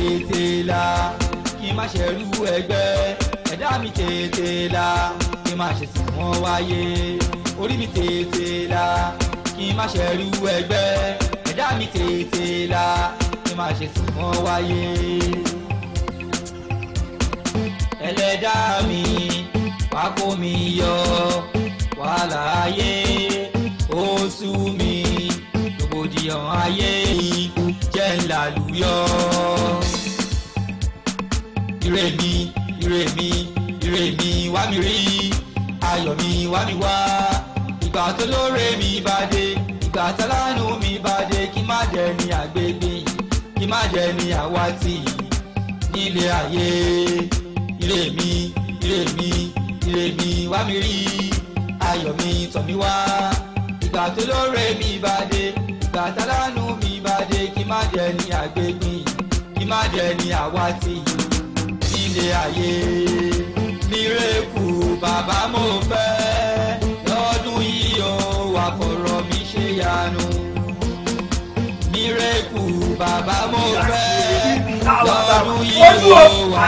tètè la kí n má ṣe rú ẹgbẹ́ ẹ̀dá mi tètè la kí n má ṣe sì wọ́n wáyé orí mi tètè la kí n má ṣe rú ẹgbẹ́ ẹ̀dá mi tètè la kí n má ṣe sì wọ́n wáyé. ẹlẹ́dá mi wá kó mi yọ wàhálà ayé ó sú mi rògbòdìyàn ayé jẹ́ ńlá lùyọ́ ire mi ire mi ire mi wá mi rí ayọ̀ mi wá mi wá ìgbà tó lóore mi bá dé ìgbà tálánù mi bá dé kí má jẹ́ ní àgbègbè kí má jẹ́ ní àwátì nílé ayé ire mi ire mi ire mi wá mi rí ayọ̀ mi tọ̀ mi wá ìgbà tó lóore mi bá dé ìgbà tálánù mi bá dé kí má jẹ́ ní àgbègbè kí má jẹ́ ní àwátì yìí ṣe ayé mírèkù bàbá mo fẹ́ lọ́dún yìí o wà mi ṣe yanu mírèkù bàbá mo fẹ́ lọ́dún yìí o wà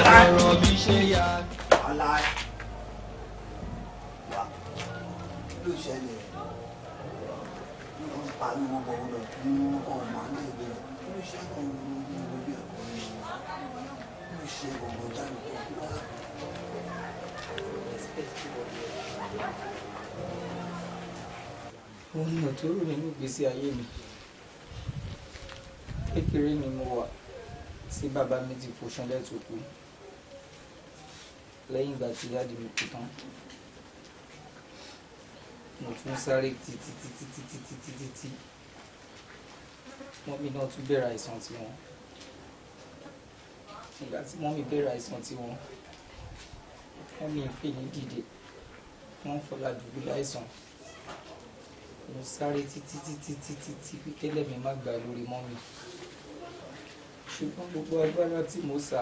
mi ṣe yanu. pariwo bọ̀ òun náà tó rò nínú ìgbésí ayé mi kékeré ni mo wà tí bàbá mi ti fòṣán lẹ́tọ̀ọ́ kú lẹ́yìn ìgbà tí ìyá mi kú tán mo tún sáré títí títí títí títí tí wọ́n mi náà tún bẹ̀rẹ̀ àìsàn tiwọn nígbà tí mọ́mí bẹ̀rẹ̀ àìsàn tiwọn mọ́mí ń fẹ́ ní dìde wọ́n fọlá dùbú láìsàn mo sáré títí títí títí tí kíkẹ́lẹ́ mi má gbà lórí mọ́mí ṣùgbọ́n gbogbo agbára tí mo sà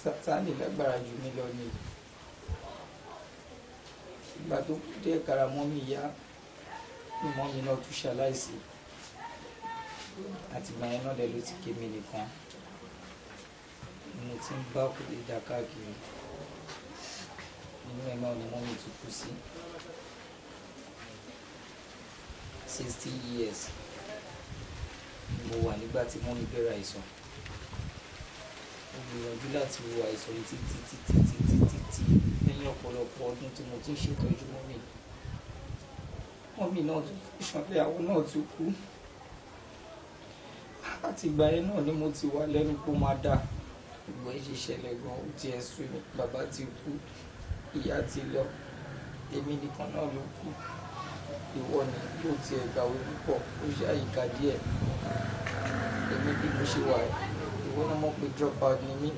sátánì lágbára jù mí lọ ni ìgbà tó kú dé kára mọ́mí yá ni mọ́mí náà tún ṣaláìsí àtìgbà yẹn náà lẹ ló ti ké mi nìkan mo ti ń bá òkúté dá káàkiri nínú ẹ̀ máa ní mọ́mí tó kú sí sixty years ni mo wà nígbà tí mọ́mí bẹ̀rẹ̀ àìsàn mo gbìyànjú láti wo àìsàn yìí títí títí títí títí lẹ́yìn ọ̀pọ̀lọpọ̀ ọdún tí mo ti ń ṣètọ́jú mọ́mí mọ́mí náà tún ìṣàgbéyàwó náà tún kú àtìgbà yẹn náà ni mo ti wà lẹ́nu pé ó máa dáa gbogbo ẹ̀ ṣe ṣẹlẹ̀ gan ó ti ẹ̀ sùn ní bàbá ti kú ìyá ti lọ èmi nìkan náà ló kù ìwọ ni yóò ti ẹ̀ gbàwé púpọ̀ ó ṣe àyíká díẹ̀ èmi bí mo ṣe wà ìwọ náà mọ̀ pé drop out ni mí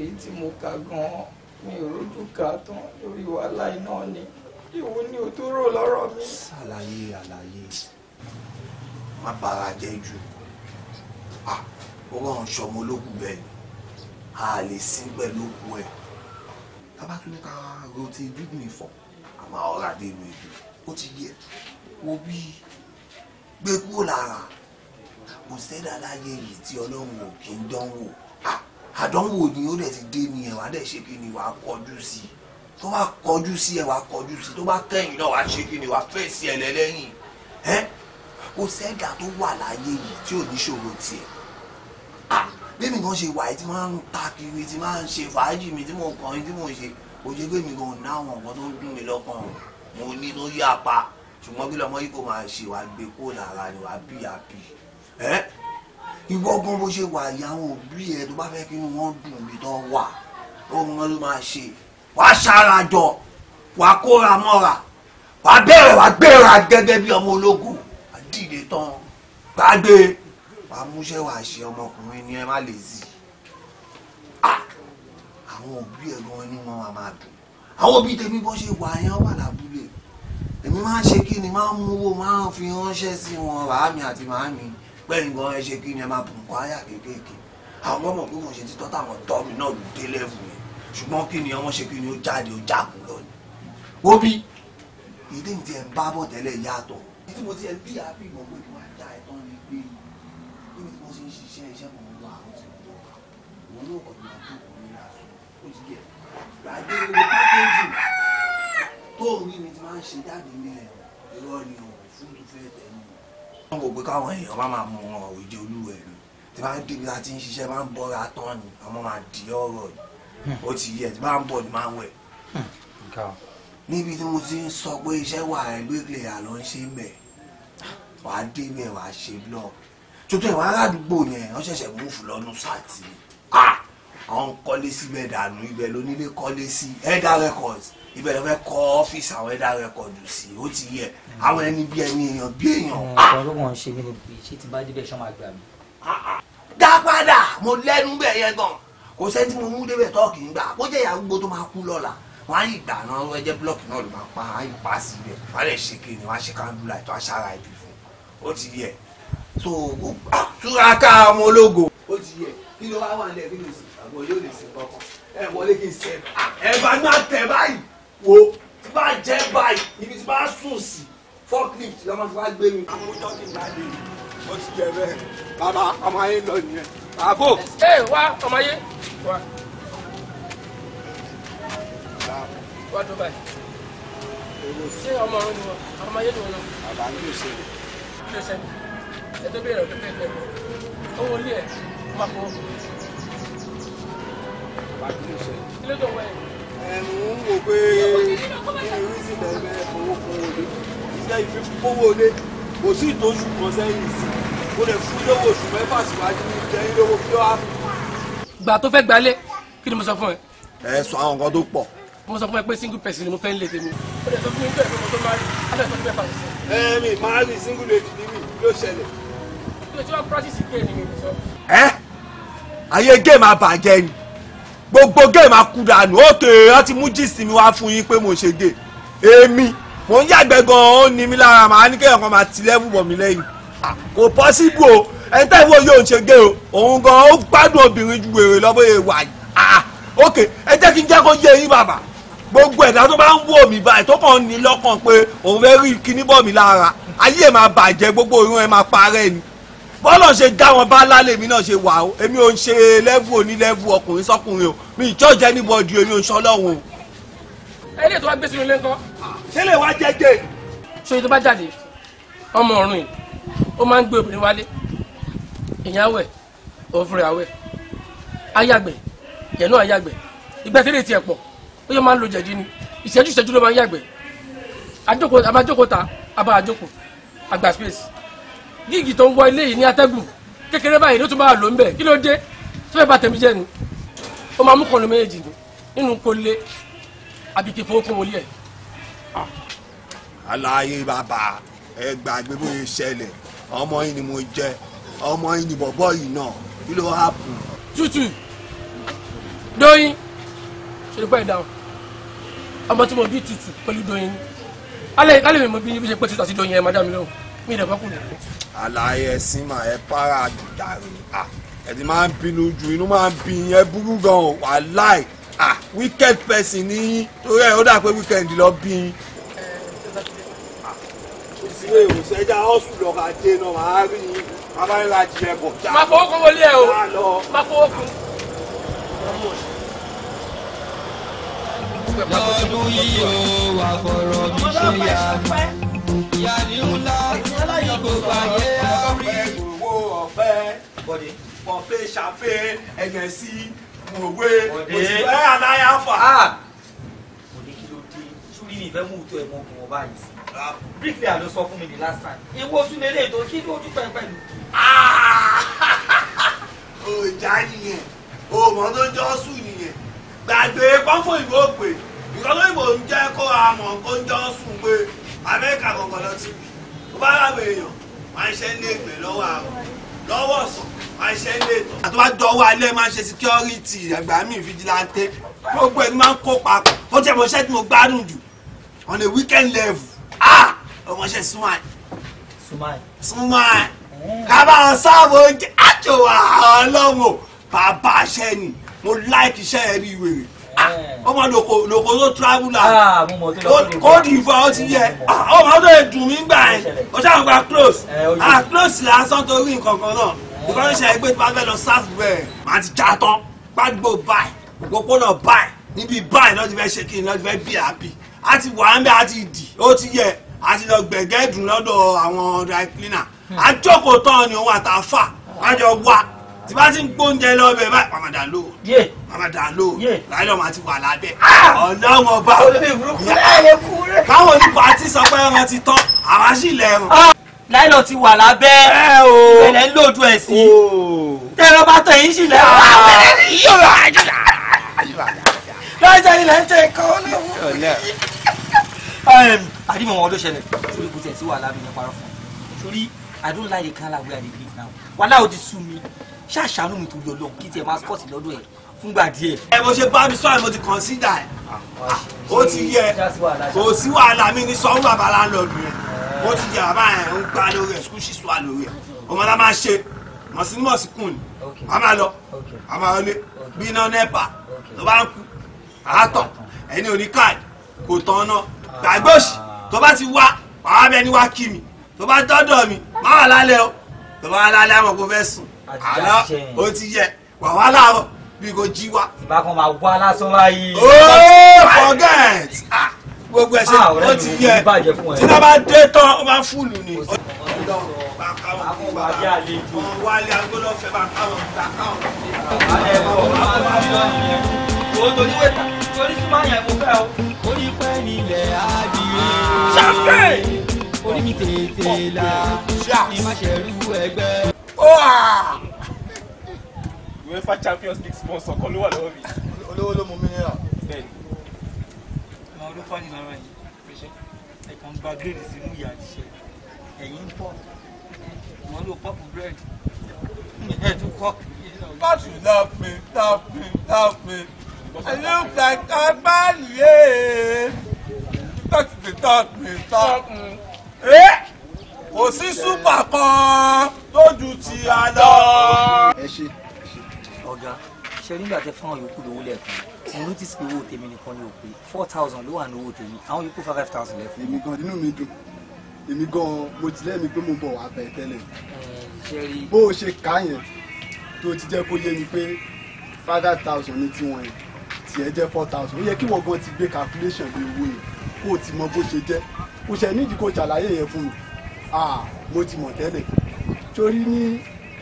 èyí tí mo kà gan mi ò rójú kà tán lórí wàhálà iná ni ìwọ ni ò tó rò lọ́rọ̀ mi. ṣàlàyé àlàyé má bàrà jẹ́ jù ọlọ́run ṣọmọ olókùn bẹ́ẹ̀ a lè sin pẹ̀lú òkú ẹ̀ tábà tún ní ká rote gbígbìn ìfọ̀ àmọ́ ọ̀rá dé inú ibi ó ti yẹ wo bí gbé kúrò lára kò sẹ́dá láyé yìí tí ọlọ́run ò kí ń dánwò àdánwò ni ó dẹ̀ ti dé ni ẹ̀ dẹ̀ ṣe kí ni wàá kọjú sí i tó bá kọjú sí ẹ̀ wàá kọjú sí tó bá kẹ́yìn náà wàá ṣe kí ni wàá fèsì ẹ̀ lẹ́lẹ́yìn kò sẹ́dá tó wà láyé yìí tí ò ní ṣòro tiẹ̀ bẹ́ẹ̀mi gan ṣe wà tí máa ń ta kiri tí máa ń ṣe fàájì mi tí mo kàn tí mo ṣe òye bẹ́ẹ̀mi gan ní àwọn nǹkan tó ń dùn mí lọ́kàn mo ní tó yá pa ṣùgbọ́n bí lọ́mọ yìí kò máa ṣe wàá gbé kó lára ni wàá bí àbí ẹ́ ìwọ gan bó ṣe wà ìyàwó òbí ẹ tó bá fẹ́ kí wọ́n dùn mí tán wà ohun wọn ló máa ṣe wàá ṣàràjọ wàá kóra mọ́ra wàá bẹ̀rẹ̀ wàá gbéra gẹ́gẹ́ bí ọmọ ológun àdìde tán gbàgbé amúṣẹ́wà ṣe ọmọkùnrin ni ẹ má lè zi àwọn òbí ẹ gan inú wọn wà máa dùn àwọn òbí tèmi bó ṣe wà yẹn wà lábúlé èmi máa ń ṣe kí ni máa ń mú owó máa ń fi ránṣẹ́ sí wọn ràámi àti màámi pẹ́yìn gan ẹ ṣe kí ni ẹ máa bùn kọ́ àyà kéékèèké àwọn ọmọ pé mo ṣe títọ́ táwọn tọ́ mi náà lù dé lẹ́fù yẹn ṣùgbọ́n kí ni ọmọ ṣe kí ni ó jáde ó jákun lọ ni wo bí ìdí mi ti ẹ̀ ń bá bọ̀ tẹ́lẹ̀ yàtọ̀ ìdí mo ti ẹ̀ bí àbí ìmọ̀ pé mo máa já ẹ̀ tán mo ṣe ń ṣiṣẹ́ iṣẹ́ kan lọ àwọn ti lọ wọn náà kọ̀ máa tó kò ní aṣọ ó ti yẹ gbàgbé owó pákéjì tó ń rí mi ti máa ń ṣe jáde ní ẹ̀ ni ò fún mi fẹ́ tẹ̀lé mi. wọ́n wò pé káwọn èèyàn má máa mọ ọ̀rọ̀ ìdí olúwẹ̀ ni tí bá ń débi láti ń ṣiṣẹ́ máa ń bọ́ra tán ni àwọn máa di ọ̀rọ̀ ó ti yẹ tí bá ń bọ̀ ni máa ń wẹ̀ níbi tí mo ti ń sọ pé iṣẹ́ wà ẹ̀ lóògùn àlọ́ ń ṣe ń wàá dé bẹ̀ wàá ṣe blọọ̀kì tuntun ìwà aládùúgbò yẹn wọ́n ṣẹ̀ṣẹ̀ múfù lọ́nu sáàtì àwọn kọ́lé sí ibẹ̀ dànù ibẹ̀ lónílé kọ́lé sí ẹ̀dá records ibẹ̀ ló fẹ́ kọ́ ọ́fíìsì àwọn ẹ̀dá record sí ó ti yẹ àwọn ẹni bí ẹni èèyàn bí èèyàn. ọ̀rọ̀ ló wọ́n ṣe mí ni bí ṣé ti bá débẹ̀ ṣọ́ máa gbà mí. dá padà mo lẹ́nu bẹ̀ yẹn gan kò sẹ́ni tí mo mú débẹ̀ tọ́ọ̀kì ń gbà kó jẹ́ ìyá gbogbo tó máa kú lọ́la wọ́n á yí ìgbà náà wọ́n jẹ́ blọ́ọ̀kì náà ló máa pa á yí pa sí ibẹ̀ wọ́n á lè ṣe kéde wọ́n á ṣe kándúlà ètò àṣàrà ìbí fún ó ti yẹ so túraká ah, ọmọ ológo ó ti yẹ kí ló wá wà ní ẹbí lè sìn àgbọn yóò lè sìn kankan ẹ wọlé kí n sẹ ah, ẹ bá má tẹ báyìí wo tí bá jẹ báyìí ibi tí bá sùn sí forklift lọ́mọ tí bá gbé mi. àwọn ọjọ́ ti gbà dé ó ti jẹ bẹ́ẹ̀ bàbá ọmọ ayé lọ nìyẹn àbò. ẹ wá ọmọ ayé wá tó báyìí ṣé ọmọ ọ̀run ni wọn ọmọ ayé ni wọn lọ. bàbá mi ò ṣe é ẹ tó bẹ̀rẹ̀ ọ̀dọ́ tẹ́tẹ́ owó ilé ẹ̀ máa kọ́. kí ló dọ̀ wá ẹ̀. ẹnu ń wò pé kí ni rísì lẹ́gbẹ́ owó kún olè iṣẹ́ ìfi kówó olè kò sí ìtọ́jú kan sẹ́yìn sí o lè fún lówó oṣù mẹ́fà síwájú ní ìjẹyìn lówó kí ló wá fún. gbà tó fẹ́ gbalé kí ni mo sọ fún ẹ. ẹ sọ àwọn nǹkan tó pọ̀ mo sọ fún ẹ pé single person ni mo fẹ́ ń lè tèmi. ẹ mi máa rí single lady ni mi yóò ṣẹlẹ̀ ẹ ayé géèmù àbàjẹ́ ni gbogbo géèmù akudànù òkè wọn ti mú jíìsì mi wá fún yín pé mo ṣe gé èmi mò ń yàgbẹ́ gan-an ó ní mi lára màá ní kéèyàn kan máa ti lẹ́wù bọ̀ mí lẹ́yìn kò pọ́síbù o ẹni tẹ́ ìwọ yóò ṣe gé o òun gan-an ó gbádùn obìnrin ju wèrè lọ́bọ̀ èèwà yìí òkè ẹ jẹ́ kí n jẹ́ kó yé yín bàbá gbogbo ẹ̀dá tó bá ń wò mí báyìí tó kàn ní lọ́kàn pé òun fẹ́ rí kinní bọ̀ mí lára ayé ẹ̀ bàjẹ́ gbogbo irun ẹ̀ máa parẹ́ ni bọ́lọ̀ ṣe dá wọn bá lálẹ́ mi náà ṣe wà ó èmi ò ń ṣe lẹ́bù òní lẹ́bù ọkùnrin sọ́kùnrin o mi ìjọ́ jẹ́ níbo ọdún èmi ò ń ṣọlọ́run o. ẹ lè tó wá gbé sínú ilé ńkọ́. ṣé lè wá jẹ́jẹ́. ṣòye tó bá jáde ọmọ ọ̀run yìí ó máa ń gbé obìnrin wálé ìyáwẹ̀ òun fúnra àwẹ̀ ayàgbẹ̀ yẹ̀nú ayàgbẹ̀ ìgbà tẹ́lẹ̀ tiẹ̀ pọ̀ ó yẹ máa ń lo jẹ̀dí ni ìṣẹ́jú ìṣẹ́jú ló máa ń yàgbẹ̀ àjókòó àbájókòó ta àbá àjókòó àgbà space gígì tó ń wọ ilé yìí ní atẹ́gùn kékeré báyìí ló tún bá lò ń bẹ̀ kí ló dé tó fẹ́ bá tẹ̀mí jẹ́ ni ó máa mú kọ́nu méjì ni nínú kólé àbí kí fowó kún wọlé ẹ̀. aláyé ah, bàbá ẹ gbàgbé bó ṣe ṣẹlẹ̀ ọmọ yìí ni mo jẹ ọmọ yìí ni bọ̀bọ̀ yìí náà kí ló hápù. tútù dóyin ṣe ló gbọ́ ẹ̀ ọmọ tí mo bí tútù pẹ̀lú dóyin alẹ́ alẹ́ mi mo bí bí ṣe pé tútù àti dóyin ẹ̀ má dá mi lóhùn mi ì àlàyé ẹ̀sìn mà ẹ para dàrú à ẹ̀sìn máa ń bínú ju inú máa ń bí yẹn burú gan o wàláì à wicked person ní yín torí ẹ̀ ó dà pé weekend lọ bí yín. ìsinmi ìwòsàn ẹja ọ̀sùn lọ́ka dé náà màá rí yín bàbá yín la jẹ bọ̀. má fọwọ́ kún wọlé ẹ o má fọwọ́ kún. lọ́dún yìí ó wà fọ̀rọ̀ mi ṣó yá ìyá ni ńlá ní gbogbo ayé àwí. owó ọ̀fẹ́ pọ̀pẹ́ ṣàfẹ́ ẹ̀yẹ̀ sí mòwe òsì ẹ̀ àdáyà fà. òde kí ló dé sórí mi fẹ́ mú ìtọ́ ẹ̀ mọ́ ọkùnrin ọba yìí sí. bíríkìlì àlọ́ sọ fún mi ní last time. ewu oṣù lélẹ̀ ètò kí ló ojú pẹ̀lú pẹ̀lú. ọjà nìyẹn o mọ tó jọ sùn nìyẹn gbàgbé pọ́nfọ́ ìwé òpè ìkọ́lóyìnbó ń jẹ́ kó a mọ̀ kó ń jọ sùn pé amẹ́ríkà kankan lọ sí ibi ó bá ràwọ̀ èèyàn máa ń ṣe ní ègbè lọ́wọ́ àrùn lọ́wọ́ ọ̀sán máa ń ṣe ní ètò. àtúwájọ́wọ́ alẹ́ máa ń ṣe síkírọ́rìtì ẹgbà mi fìjìláńtẹ́ gbogbo ẹni máa ń kó papọ̀ ó jẹ́ ìmọ̀ṣẹ́ tí mo gbádùn jù on a weekend level ah ọmọṣẹ́ sumai sumai eh. kábà sáàbò oúnjẹ àjò àwọn ọlọ́wọ́ bàbá aṣẹ́ ni mo láìkì iṣẹ́ yẹn ní Ah, ọmọ lòkò lòkò tó tírábùlà kóòdù ìfọ ọ ti yẹ ah, ọmọ tó lè dùn mí gbà ẹ o ṣáà ń gba close eh, ah close lásán torí nǹkan kan náà ìfọwọ́n ṣe àìpé tí wọ́n fẹ́ lọ sáfù bẹ́ẹ̀ màá ti já tán gbàgbó báyìí gbogbo náà báyìí níbi báyìí náà ti fẹ́ ṣe kí ni náà ti fẹ́ bí àbí a ti wà ń bẹ a ti dì ó ti yẹ a ti lọ gbẹ̀gẹ́ dùn lọ́dọ̀ àwọn dry cleaner àjọkò hmm. tán ni òun àtàfà àjọ wà tí bá ti ń gbóúnjẹ lọ bẹ báyìí mama dà lò mama dà lò láyé ọmọ àti wà lábẹ ah! ọlọ́run ọba káwọn onípa àti sọ pé ẹran ti tán àwa sì lẹ́rùn. Ah! láìlọ ti wà lábẹ́ ẹ̀lẹ́ ń lòdù ẹ̀ sí tẹ́rọ bá tẹ̀ yín sì lẹ́rùn. Ah! lọ́jọ́ ilẹ̀ ń tẹ̀ kọ́ lọ́wọ́. àdìmọ̀ wọn ọdún ṣẹlẹ̀ sórí kùtẹ̀ sí wàhálà mi ní parọ́ fún mi sórí I don't like the kind of way I dey live now wàhálà ò ti sú mi ṣàṣàánú mi tó lọ lọ kí tiẹ̀ máa skọ́ọ̀tì lọ́dún ẹ̀ fúngbà díẹ̀. ẹ mo ṣe bá mi sọ àìmọ̀ ti consider ẹ̀ ó ti yẹ kò sí wàhálà mi ní sọ́wọ́n bàbá láńlọ́ọ̀dù rẹ̀ ó ti yẹ bàbá ẹ̀ ń gbá lórí ẹ̀ skul ṣìṣù àlórí ẹ̀ ọmọ la máa ṣe mọ̀sí kùn ni a máa lọ a máa lé bí iná nẹ́pà ló bá ń kú àátọ̀ ẹni òní káàdì kò tán náà gbàgbé òsì tó bá ti wá wàá bẹ ni wá kí mi tó bá dọ́dọ̀ mi má wà lálẹ́ o tó bá wà lálẹ́ àmọ́ kò fẹ́ sùn àná ó ti yẹ wà wá láàárọ̀ bí kò jí wa. ìbá kan máa wá lásán báyìí. oh, forget gbogbo ẹ ṣe ó ti yẹ tí náà bá dé tán ó máa fúlù ni. wálé agbọ́dọ̀ fẹ́ bá káwọn ta káwọn. Torí wẹ̀tà, torí súnmọ́ yẹn mo fẹ́ o. Orí pẹ́ nílẹ̀ adìyẹ. Ṣàfẹ́! Orí mi tètè la, ìmáṣẹ́rú ẹgbẹ́. UEFA Champions League sponsor kan ló wà lọ́wọ́ mi. olówó ló mú mi fani lára yìí pẹṣẹ ẹkan gba gírèdì sí mú ìyá àdìṣe ẹyin ń pọ ọmọ ọdún pọpù bírèdì ẹdún kọ. But you love me, love me, love me. I look like a man, yeah. Because you talk me, talk me. Eh? kò sí súpà kan tó ju ti a lọ. ẹ ṣe. ọ̀gá ṣe nígbà tẹ fáwọn yòókù lówó lẹ́ẹ̀kan mo notice pé owó tèmi nìkan ni ò pé four thousand ló wà ní owó tèmi àwọn yòókù five thousand lẹ́fún. èmi gan inú mi dùn èmi gan mo ti lẹ́mi pé mo bọ̀ wá bẹ̀ tẹ́lẹ̀ bó o ṣe kà yẹn tó ti jẹ́ kó yé mi pé five thousand ní tiwọn yẹn tiẹ̀ jẹ́ four thousand ó yẹ kí wọ́n gan ti gbé calculation lé owó yẹn kó o ti mọ bó ṣe jẹ́ kò ṣe nídìí kó ṣàlàyé yẹn fún mi mo ti mọ̀ tẹ́lẹ̀ torí ní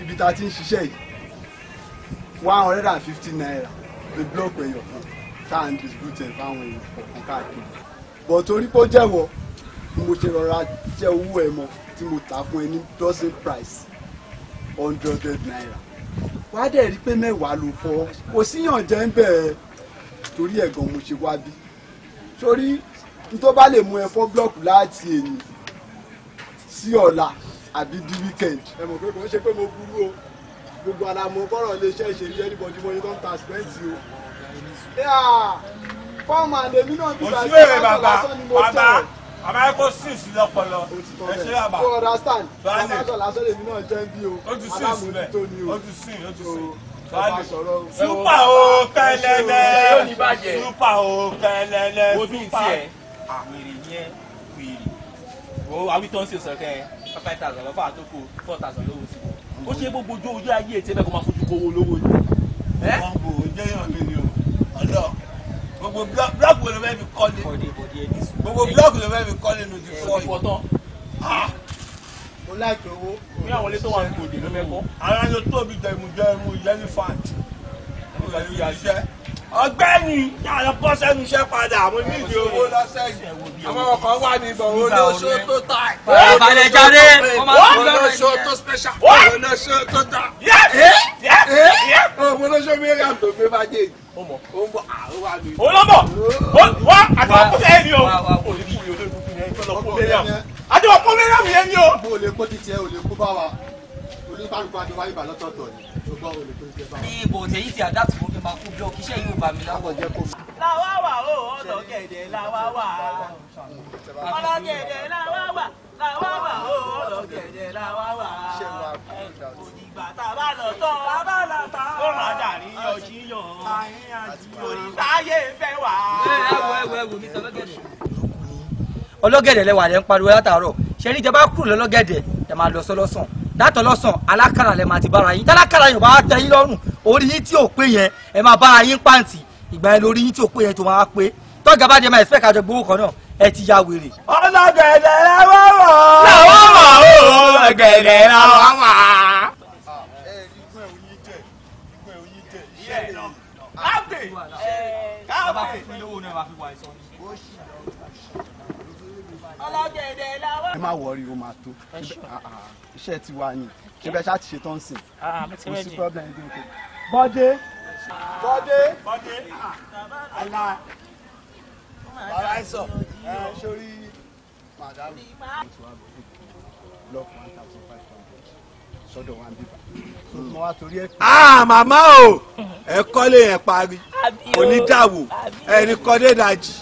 ibi tá a ti ń ṣiṣẹ́ yìí one hundred and fifty naira The block ẹyọ kan tá à ń distribute ẹ fáwọn èèyàn kọ̀ọ̀kan káàkiri bọ̀ torí pé ó jẹ́wọ́ mo ṣe rọra jẹ́ owó ẹ mọ tí mo tà fún ẹ ní dozen price hundred naira wá dẹ̀ rí pé mẹ́wàá ló fọ́ kò síyàn jẹ́ ń bẹ̀ torí ẹ̀ gan mo ṣe wá bí torí n tó bá lè mú ẹ fọ́ blọọkù láti èyí sí ọ̀la àbí di weekend. ẹ mọ̀ pé kò ń ṣe pé mo burú o gbogbo ara mo kọ́rọ̀ iléeṣẹ́ ìṣèlú ẹni bọ̀dí mo yẹ tó ta spẹ́ǹtì o. fọ́ọ̀mù àlèmí náà bí bàbá ìṣẹ́ bàbá bàbá bàbá yẹ kó sí lọ́pọlọ ẹ ṣe bàbá. o understand bàbá sọ lásán lèmi súpà o kẹlẹlẹ súpà o kẹlẹlẹ o awi tó ń sè sọ̀rọ̀ kẹ́ five thousand lọ́fà tó kù four thousand lówó sí i ó ṣe gbogbo ojú ojú ayé ètè bẹ́ẹ̀ kó máa fojú kówó lówó ni. wọn kò jẹyàn mi ni o ọlọ gbogbo blọọkì wo ló fẹ́ fi kọ́ ni gbogbo blọọkì ló fẹ́ fi kọ́ nínú ti fọ́ yìí. mo láìpẹ́ owó. bí àwọn ilé tó wà ní gòdì ló fẹ́ kọ́. ara ló tóbi jẹ ìmùjẹ ìmú yẹlifant. ìmùjẹ ọ̀gbẹ́ni yàrá bọ́ sẹ́nu iṣẹ́ padà mo ní owó lọ́sẹ̀ yìí àwọn ọkọ̀ wà ní ìbọn tó tà ìbàlẹ̀ jáde olóṣó tó special olóṣó tó tà olóṣó mẹ́rin àtò mi bá jẹ́ olóbọ̀ ah, wá àtàwọn kúlẹ̀ ẹni o àtàwọn kúlẹ̀ ẹni o àtàwọn kúlẹ̀ ẹni o oníkálukú adé wáyé ìbálòtọ̀tọ̀ ti àdá tí mo máa kú bí ọkì iṣẹ́ yìí ò bá mi láwọ̀ làwa wà ó ọ̀dọ̀ gẹ̀dẹ̀ làwa wà ọ̀dọ̀ gẹ̀dẹ̀ làwa wà làwa wà ó ọ̀dọ̀ gẹ̀dẹ̀ làwa wà. òdìgbà tá a bá lọ tọ́ a bá lọ tọ́. ó rà dàrí yọjíyàn oníṣàyè fẹ́ wà. ọlọ́gẹ̀dẹ̀ lẹ́wà lẹ́ ń pariwo látàárọ̀ ṣe ní ìjọba kúrò lọ́lọ́gẹ̀dẹ̀ ẹ̀ máa lọ sọ́lọ́sàn látọ̀ lọsàn alákàrà lẹ máa ti bára yín tálákàrà yóò bá tẹ yín lọ́rùn orí yín tí ò pé yẹn ẹ máa ìgbà yẹn lórí yín tí ò pé yẹn tó máa pé tọ́jà bá jẹ náà ẹ ti ya wèrè. ọ̀nà gẹ̀dẹ̀ ẹ má wọrí o máa tó. iṣẹ́ ti wà ní ṣẹbẹ ṣáà ti ṣe tán sìn ah, kò sí problem ẹ̀dín òkè. bọ́dé bọ́dé ọ̀la ọ̀la ẹ̀sọ̀ ẹ̀ sórí màdàmù lọ́ọ̀kì one a màmá o ẹ kọ́lé yẹn parí onídàwó ẹni kọ́dé dajì.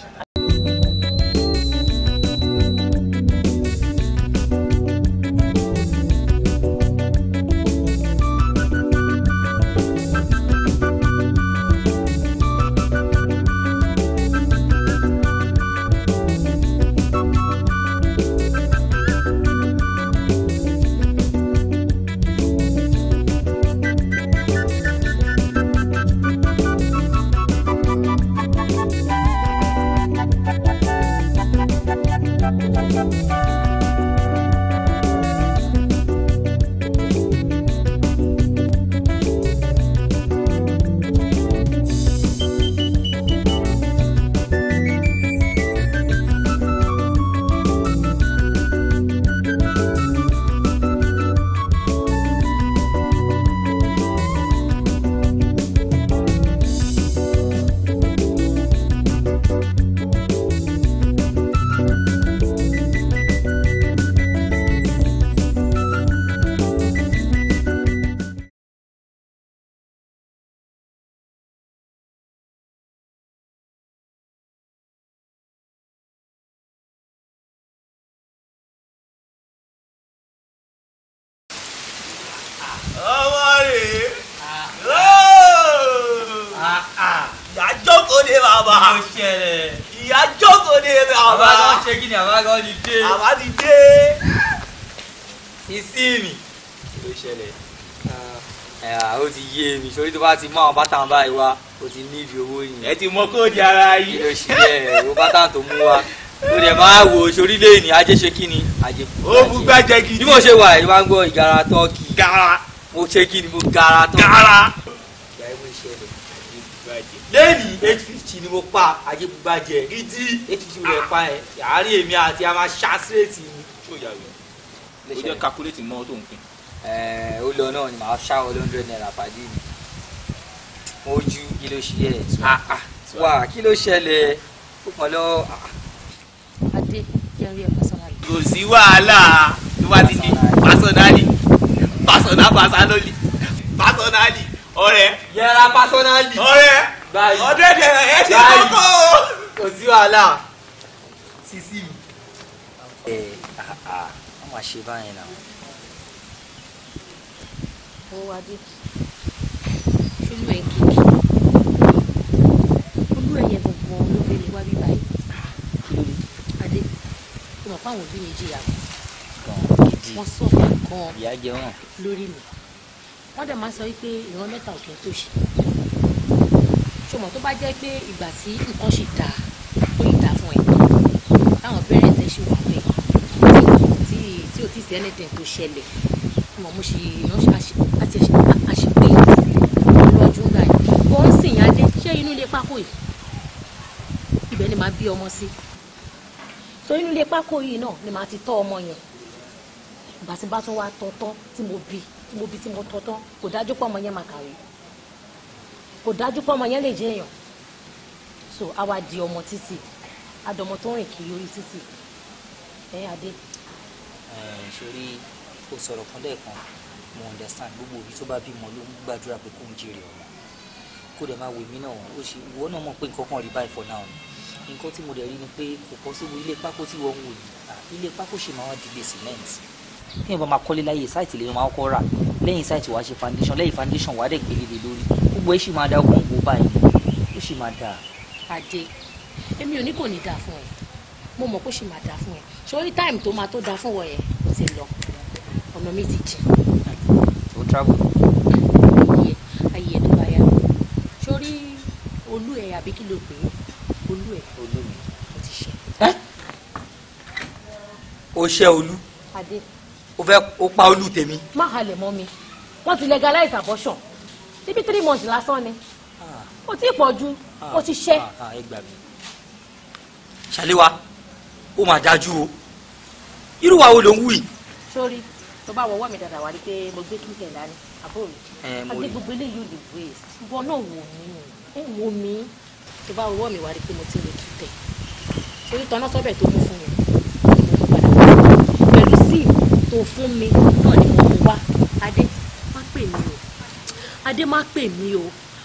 àwa ti dé. àwa ti dé. sísìmì. kí ló ṣẹlẹ̀? Ah. Ah, ó ti yé mi sórí tó bá ti mú àwọn bátà báyìí wá ó ti ní ibi owó yìí. ẹ ti mọ kóòdì ara yìí. kí ló ṣẹlẹ̀ wo bátà tó mú wa ó dẹ̀ máa wò sórí lẹ́yìn ajé ṣe kí ni ajé. ó bu gbàjẹ́ gidi. bí mo ṣe wà ẹ̀ máa ń gbọ́ ìgara tọ́kì. gara. mo ṣe kí ni mo gara tọ́kì. gara. ìgbà yẹn mo ṣẹlẹ̀ lẹ́ẹ̀ni eight fifty ni mo pa àjẹbùgbà jẹ gidi eight fifty mo lè pa ẹ àárín èmi àti a máa ṣá o jẹ calculate mọ tó ń pin. ẹ ó lọ náà ni màá ṣá ọ lọ́ndrẹ́d náírà pàdé mi mo ju kí ló ṣe ẹ ah, ah, ah. wà kí ló ṣẹlẹ̀ ó pọ̀ lọ. adé jẹ́ rí ẹ̀ pásánálì. kò sí wàhálà tó bá ti di pásánálì pásánálì pásánálì pásánálì ọ̀rẹ́. yẹra pásọ́nálì. ọ̀rẹ́. báyìí ọ̀dẹ́ dẹ̀ ẹ ti kọ́kọ́ o. kò sí wàhálà sisi mi. ẹ ẹ àwọn àṣe báyìí náà. ó wá dé ṣolú ẹ kéèké olú ẹyẹ gbọgbọ ló gbé mi wá bí báyìí adé ó mọ̀ pé àwọn òbí mi jìyà wọn sọ fún un gan-an lórí mi wọ́n dẹ̀ máa sọ wípé ìran mẹ́ta ò kí n tó ṣe ṣùgbọ́n tó bá jẹ́ pé ìgbà tí nǹkan ṣì dà ó yìí dà fún ẹ táwọn parents ẹ ṣì wà pé tí tí ò tí sí anything tó ṣẹlẹ̀ mọ̀ mo ṣì àti àṣepé lọ́jọ́ ńlá yìí bó ń sìn yá dé ṣé inú ilé pákó yìí ibẹ̀ ni màá bí ọmọ sí so inú ilé pákó yìí náà ni màá ti tọ́ ọmọ yẹn ìgbà tí bá tún wá tọ́ tí mo bí tí mo bi tí mo tọ́ tán kò dájú pé ọmọ yẹn máa kàwé kò dájú pé ọmọ yẹn lè jẹ́ èèyàn so a wá di ọmọ títì adọmọ tó rìn kiri orí títì ẹ adé. sori o sọ̀rọ̀ kan lẹ́ẹ̀kan mo understand gbogbo òbí tó bá bímọ ló ń gbàdúrà pé kó ń jèrè ọmọ kó dẹ̀ máa wò mí náà ó ṣe ìwọ náà mọ̀ pé nǹkan kan rí báyìí for now nǹkan tí mo dẹ̀ rí ni pé kò pọ́sibú ilé pákó tí wọ́n ń wò yìí ilé pákó ṣì máa wá di gbèsè tí èèyàn bá máa kọ́lé láyè sáìtì lèèyàn máa kọ́ rà lẹ́yìn sáìtì wàá ṣe foundation lẹ́yìn foundation wàá dẹ̀ gbélé lé lórí gbogbo ẹ̀ sì máa da ogun ògbó báyìí ó sì máa da. àdé èmi ò ní kò ní dáa fún ẹ mo mọ̀ pé ó sì máa dáa fún ẹ sórí táìmù tó máa tó dáa fún ọ yẹn ti lọ ọ̀nà mi ti jìn. o travel. ayé ayé ẹ̀ tó bá yá sórí olú ẹ̀ àbí kí ló pè é olú ẹ̀ olú mi ó ti ṣe. ó ṣẹ́ olú fẹ́ o pa olú tèmi. má halẹ̀ mọ́ mi wọ́n ti legalize abortion síbi three months lásán ni o ah. ti pọ̀ ju o ah. ti ṣẹ́. Ah, ṣàlẹ́wà ó mà dájú o irú wa wo ló ń wù yìí. sórí tó bá wọ ọwọ́ mi dáadáa wá rí pé mo gbé kíkẹ́ dání àbúrò mi àti gbogbo eléyìí ò lè waste ìwọ náà wò mí ẹ wò mí tó bá wọ ọwọ́ mi wá rí pé mo ti lè kíkẹ́ sórí tọ́nà sọ́bẹ̀ tó mú fún mi tó fún mi náà ni mo mú wá adé má pè mí o adé má pè mí o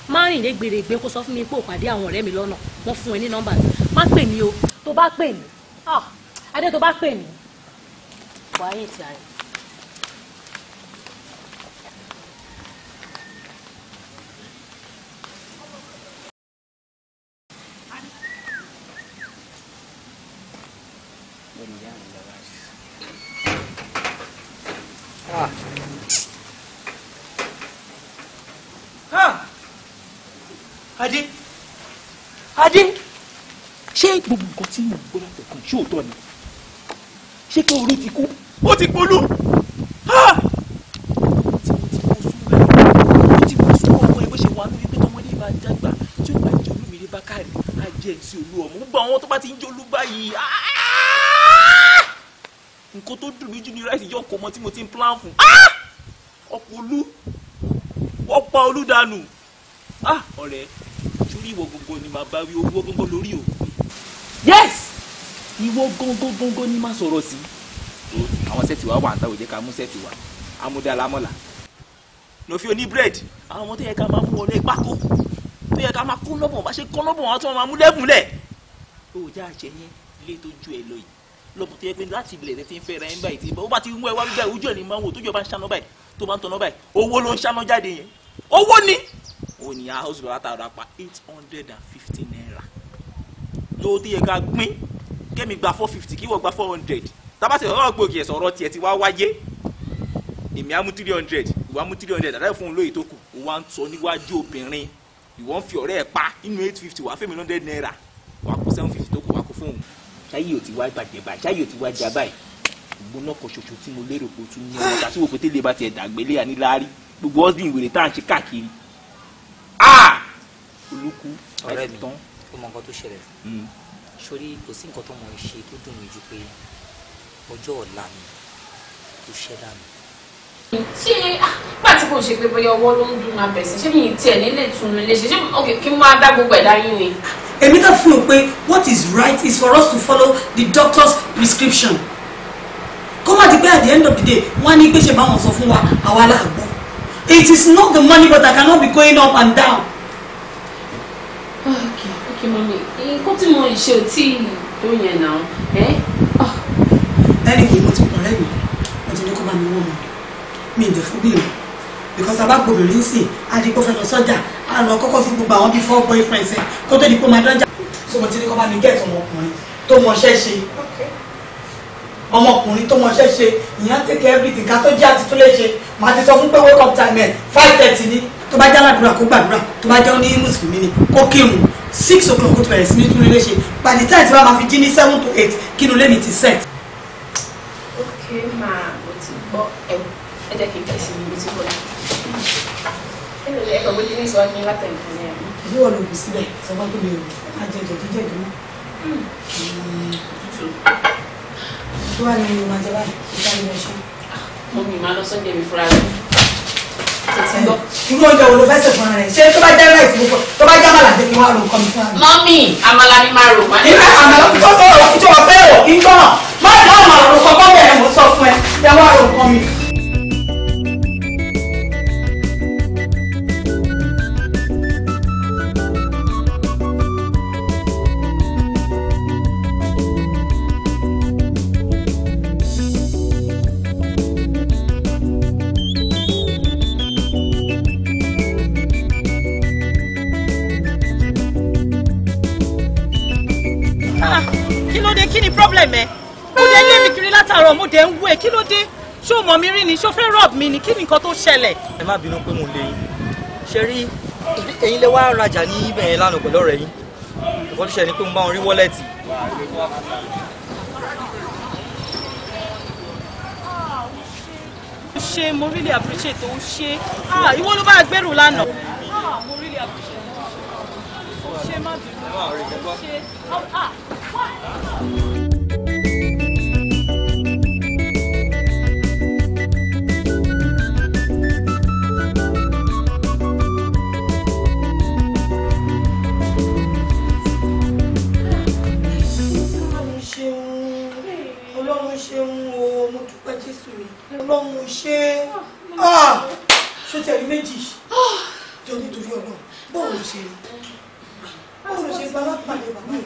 má rìn lẹ́gbèrègbè kó sọ fún mi pé ò pàdé àwọn ọ̀rẹ́ mi lọ́nà wọ́n fún ẹ ní nọ́mbà mi má pè mí o tó bá pè mí ah, adé tó bá pè mí wàá yìí ti àrẹ. adé ṣé gbogbo nǹkan tí mò ń gbọ́ látẹ̀kàn ṣé òótọ́ ni ṣé pé orí ti kú ó ti polú jẹ́ ti olú ọmọ gbogbo àwọn tó bá ti ń jólú báyìí nǹkan tó dùn mí jù ní ráìsì yọ̀ọ̀kọ̀ ọmọ tí mo ti ń plan fún ọ̀pọ̀ olú ọ̀pá olú dànù ọ̀rẹ́ màá bá wí owó góńgó lórí o. yes ìwọ góńgó góńgó ni má sọ̀rọ̀ sí. àwọn sẹ́ẹ̀tì wa wà ń táwọn ìjẹ́ka mú sẹ́ẹ̀tì wa amúdálámọ́là lọ́fi oní bírèdì àwọn ọmọ tó yẹ ká máa mú wọlé pákó tó yẹ ká máa kó lọ́bọ̀n bá ṣe kọ́ lọ́bọ̀n wọn tó máa mú lẹ́bùnlẹ̀. o já àṣẹ yẹn ilé tó ju ẹ lọ yìí lọ́bùn tó yẹ pé láti ìbílẹ̀ rẹ ti ń fẹ́ra ẹ̀ ń báyìí ti ń ṣáná báyìí bá ń ń ṣáná jáde yẹn òun ni house bàbá tààrà pa eight hundred and fifty naira lówó tó yẹ ká gbìn kémi gba four fifty kí wọ́n gba four hundred tábàtì ọ̀rọ̀ gbòógì ẹ̀sọ̀ ọ̀rọ̀ tiẹ̀ ti wá wáyé èmi á mú three hundred ìwà mú three hundred àdáyé fún un lóye tó kù ìwà ń sọ níwájú obìnrin ìwọ ń fi ọ̀rẹ́ ẹ̀ pa inú eight fifty wàá fẹ́mi hundred naira wàá kó seven fifty tó kù wàá kó fún òun. ṣáyé ò ti wá bàjẹ́ báyìí ṣáyé ò ti wá já báyìí ṣùgbọ́n náà kan ṣoṣo tí mo lérò pé o tún ní ọmọ tàbí òpótélé bá tiẹ̀ dàgbélé àníláárí gbogbo ọ́sìn ìwèrè tá ń ṣe káàkiri burúkú ọ̀rẹ́ mi ó mọ nǹkan tó ṣẹlẹ̀ hmm. sórí kò sí nǹkan tó mọ̀ ṣe tó dùn mí ju pé ọjọ́ ọ̀la mi tó ṣẹlá mi. ṣé nígbà tí kò ṣe pé bóyá ọwọ́ ló ń dùn máa bẹ̀sẹ̀ ṣé mi tiẹ̀ nílé tunu lè ṣe ṣé kí n máa dá gbogbo ẹ̀dá yín ni. èmi kàn fún un pé what is right is for us to follow the doctor's prescription kó má ti pé at the end of the day wọ́n á ní pé ṣe báwọn sọ fún wa àwa láàgbọ́ it is not the money but I cannot be going up and down ok ok mami continue, tí mo ṣe ò tí ì tó yẹn náà ẹ. ẹni kì í mo ti pọ̀ rẹ́ mi mo ti ní kó bá mi wọ́n mu mi ì dẹ̀ fún bí mi because abágbòmìnrin ń sìn adigun fẹ́ lọ sọ́jà á lọ kọ́kọ́ fún gbogbo àwọn bíi four boyfriends ẹ̀ kó tó di pé máa dánjà. so mo ti ní kó bá mi gẹ̀ẹ́tì ọmọkùnrin tó mọṣẹ́ ṣe ọmọkùnrin tó mọṣẹ́ ṣe ìyẹn á tẹ̀kẹ́ everything ká tó jẹ́ àti tó lè ṣe màá ti sọ fún pé wake up time ẹ̀ five thirty tó bá jáládùúrà kó gbàdúrà tó bá jẹ́ oní mùsùlùmí ni kó kírun six o'clock kó tó bẹ̀rẹ̀ sí ní túnú léṣe by the time tí wàá máa fi jí ní seven to eight kí inú lẹ́mi ti set. ok máa mo ti gbọ́ ẹ jẹ́ kí n tẹ̀sí ibi tí mo lọ. ẹ lè ẹ̀kọ́ bójú ní ìsọ̀rọ̀ hmm. ah, mi látẹ̀ nǹkan ní ẹ̀mí. ìlú ọ̀nà òbí síbẹ̀ sọ́gbọ́n tó lè rò á jẹ jẹ jíjẹ dùn tó wà nínú ìmọ̀ àjẹbá ìdánilẹ́sọ. mo mì máa lọ sọ́jà mi fúra rẹ̀ irú oúnjẹ wo ló fẹ́ sè fúnra rẹ̀ ṣé tó bá jẹ́ rice mo fọ́ tó bá jẹ́ àmàlà jẹ́ kí wọ́n á ro nǹkan mi fúnra mi. mọ́mì àmàlà ni máa rò wọ́n. ìfẹ́ àmàlà tó tó ìjọba fẹ́ rò ìgbọ́n má dá àmàlà ro kọ́kọ́ bẹ̀rẹ̀ mo sọ fún ẹ jẹ́ wọ́n mi. anyway kí ló dé ṣé o mọ̀ mi rí ni ṣé fẹ́ rob mi ni kí ni nǹkan tó ṣẹlẹ̀. ẹ má bínú pé mo lè yín ṣe rí ẹ̀yin lè wá rajà ní ibẹ̀ yẹn lánàá pẹ̀lú ọ̀rẹ́ yín ìkọ́ tó ṣe ni pé mo bá wọn rí wọ́lẹ̀tì. mo ṣe mo really appreciate o ṣe ah, ìwọ ló bá gbẹrù lánàá ah, mo really appreciate o ṣe má bínú o ṣe. ọlọ́run ṣe ah, ah, ṣó ti ẹ̀rí méjì ah. jọ nítorí ọlọ́run bọ́ọ̀ ló ṣe rí bọ́ọ̀ ló ṣe gba alápàdé bàbá mi.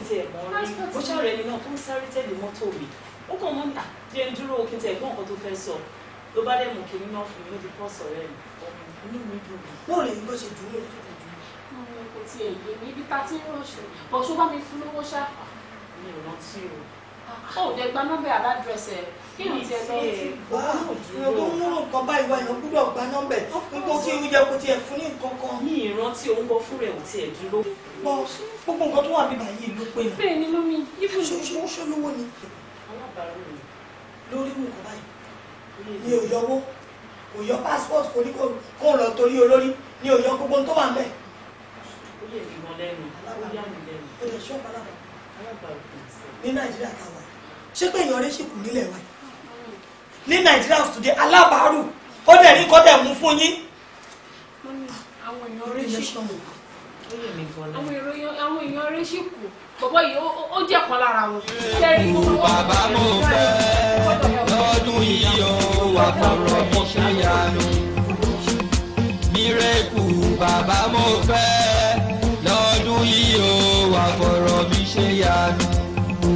ó ṣàrẹ̀ ẹni náà tó ń sáré tẹ̀lé mọ́tò mi ó kàn mọ́ níta bí ẹni dúró kí n tẹ̀ gbọ́ nǹkan tó fẹ́ sọ ló bá dẹ̀ mú kí nínú ọ̀fun mi ló ti pọ̀ sọ̀rọ̀ ẹ̀ inú mi dùn mí. bọ́ọ̀ lè bó ṣe dúró kò tiẹ̀ yé mi ibi ta ti ń rọ̀ṣù bọ̀ bá mi fún lówó ṣá. mi ò rántí o Oh, ó dẹ̀ gba nọ́mbà aládùrẹ́sẹ̀ kí ni tiẹ̀ lọ́wọ́ ti bá ọ̀rọ̀ tó ń múrò nǹkan báyìí wá èèyàn gbúdọ̀ gba nọ́mbà nǹkan tí irú jẹ́ kó tiẹ̀ fún ní nǹkan kan. ní ìrántí òun bọ fún rẹ̀ ò tiẹ̀ dúró. gbogbo nǹkan tó wà bíbá yìí ló pé ni. bẹ́ẹ̀ ni lómi ibùdó. ṣoṣo lówó ni. lórí nǹkan báyìí ni ò yọwó passport kò ní kó lọ torí olórí ni ò yọ gbogbo tó wà mẹ́ẹ̀. ó yẹ ìmọ̀ lẹ́nu ó yà mí lẹ́nu. ó ṣé pé èèyàn rẹ ṣì nílẹ̀ wa ní Nigeria today alábàárù ó dẹ̀ ní kọ́tẹ̀ mú fún yín. àwọn èèyàn rẹ ṣì kù yìí ó jẹ́ kan lára wọn. mo bàbá mo fẹ́ lọ́dún yìí ó wà fọ̀rọ̀ mi ṣàyànú. mírèkù bàbá mo fẹ́ lọ́dún yìí ó wà fọ̀rọ̀ mi ṣàyànú.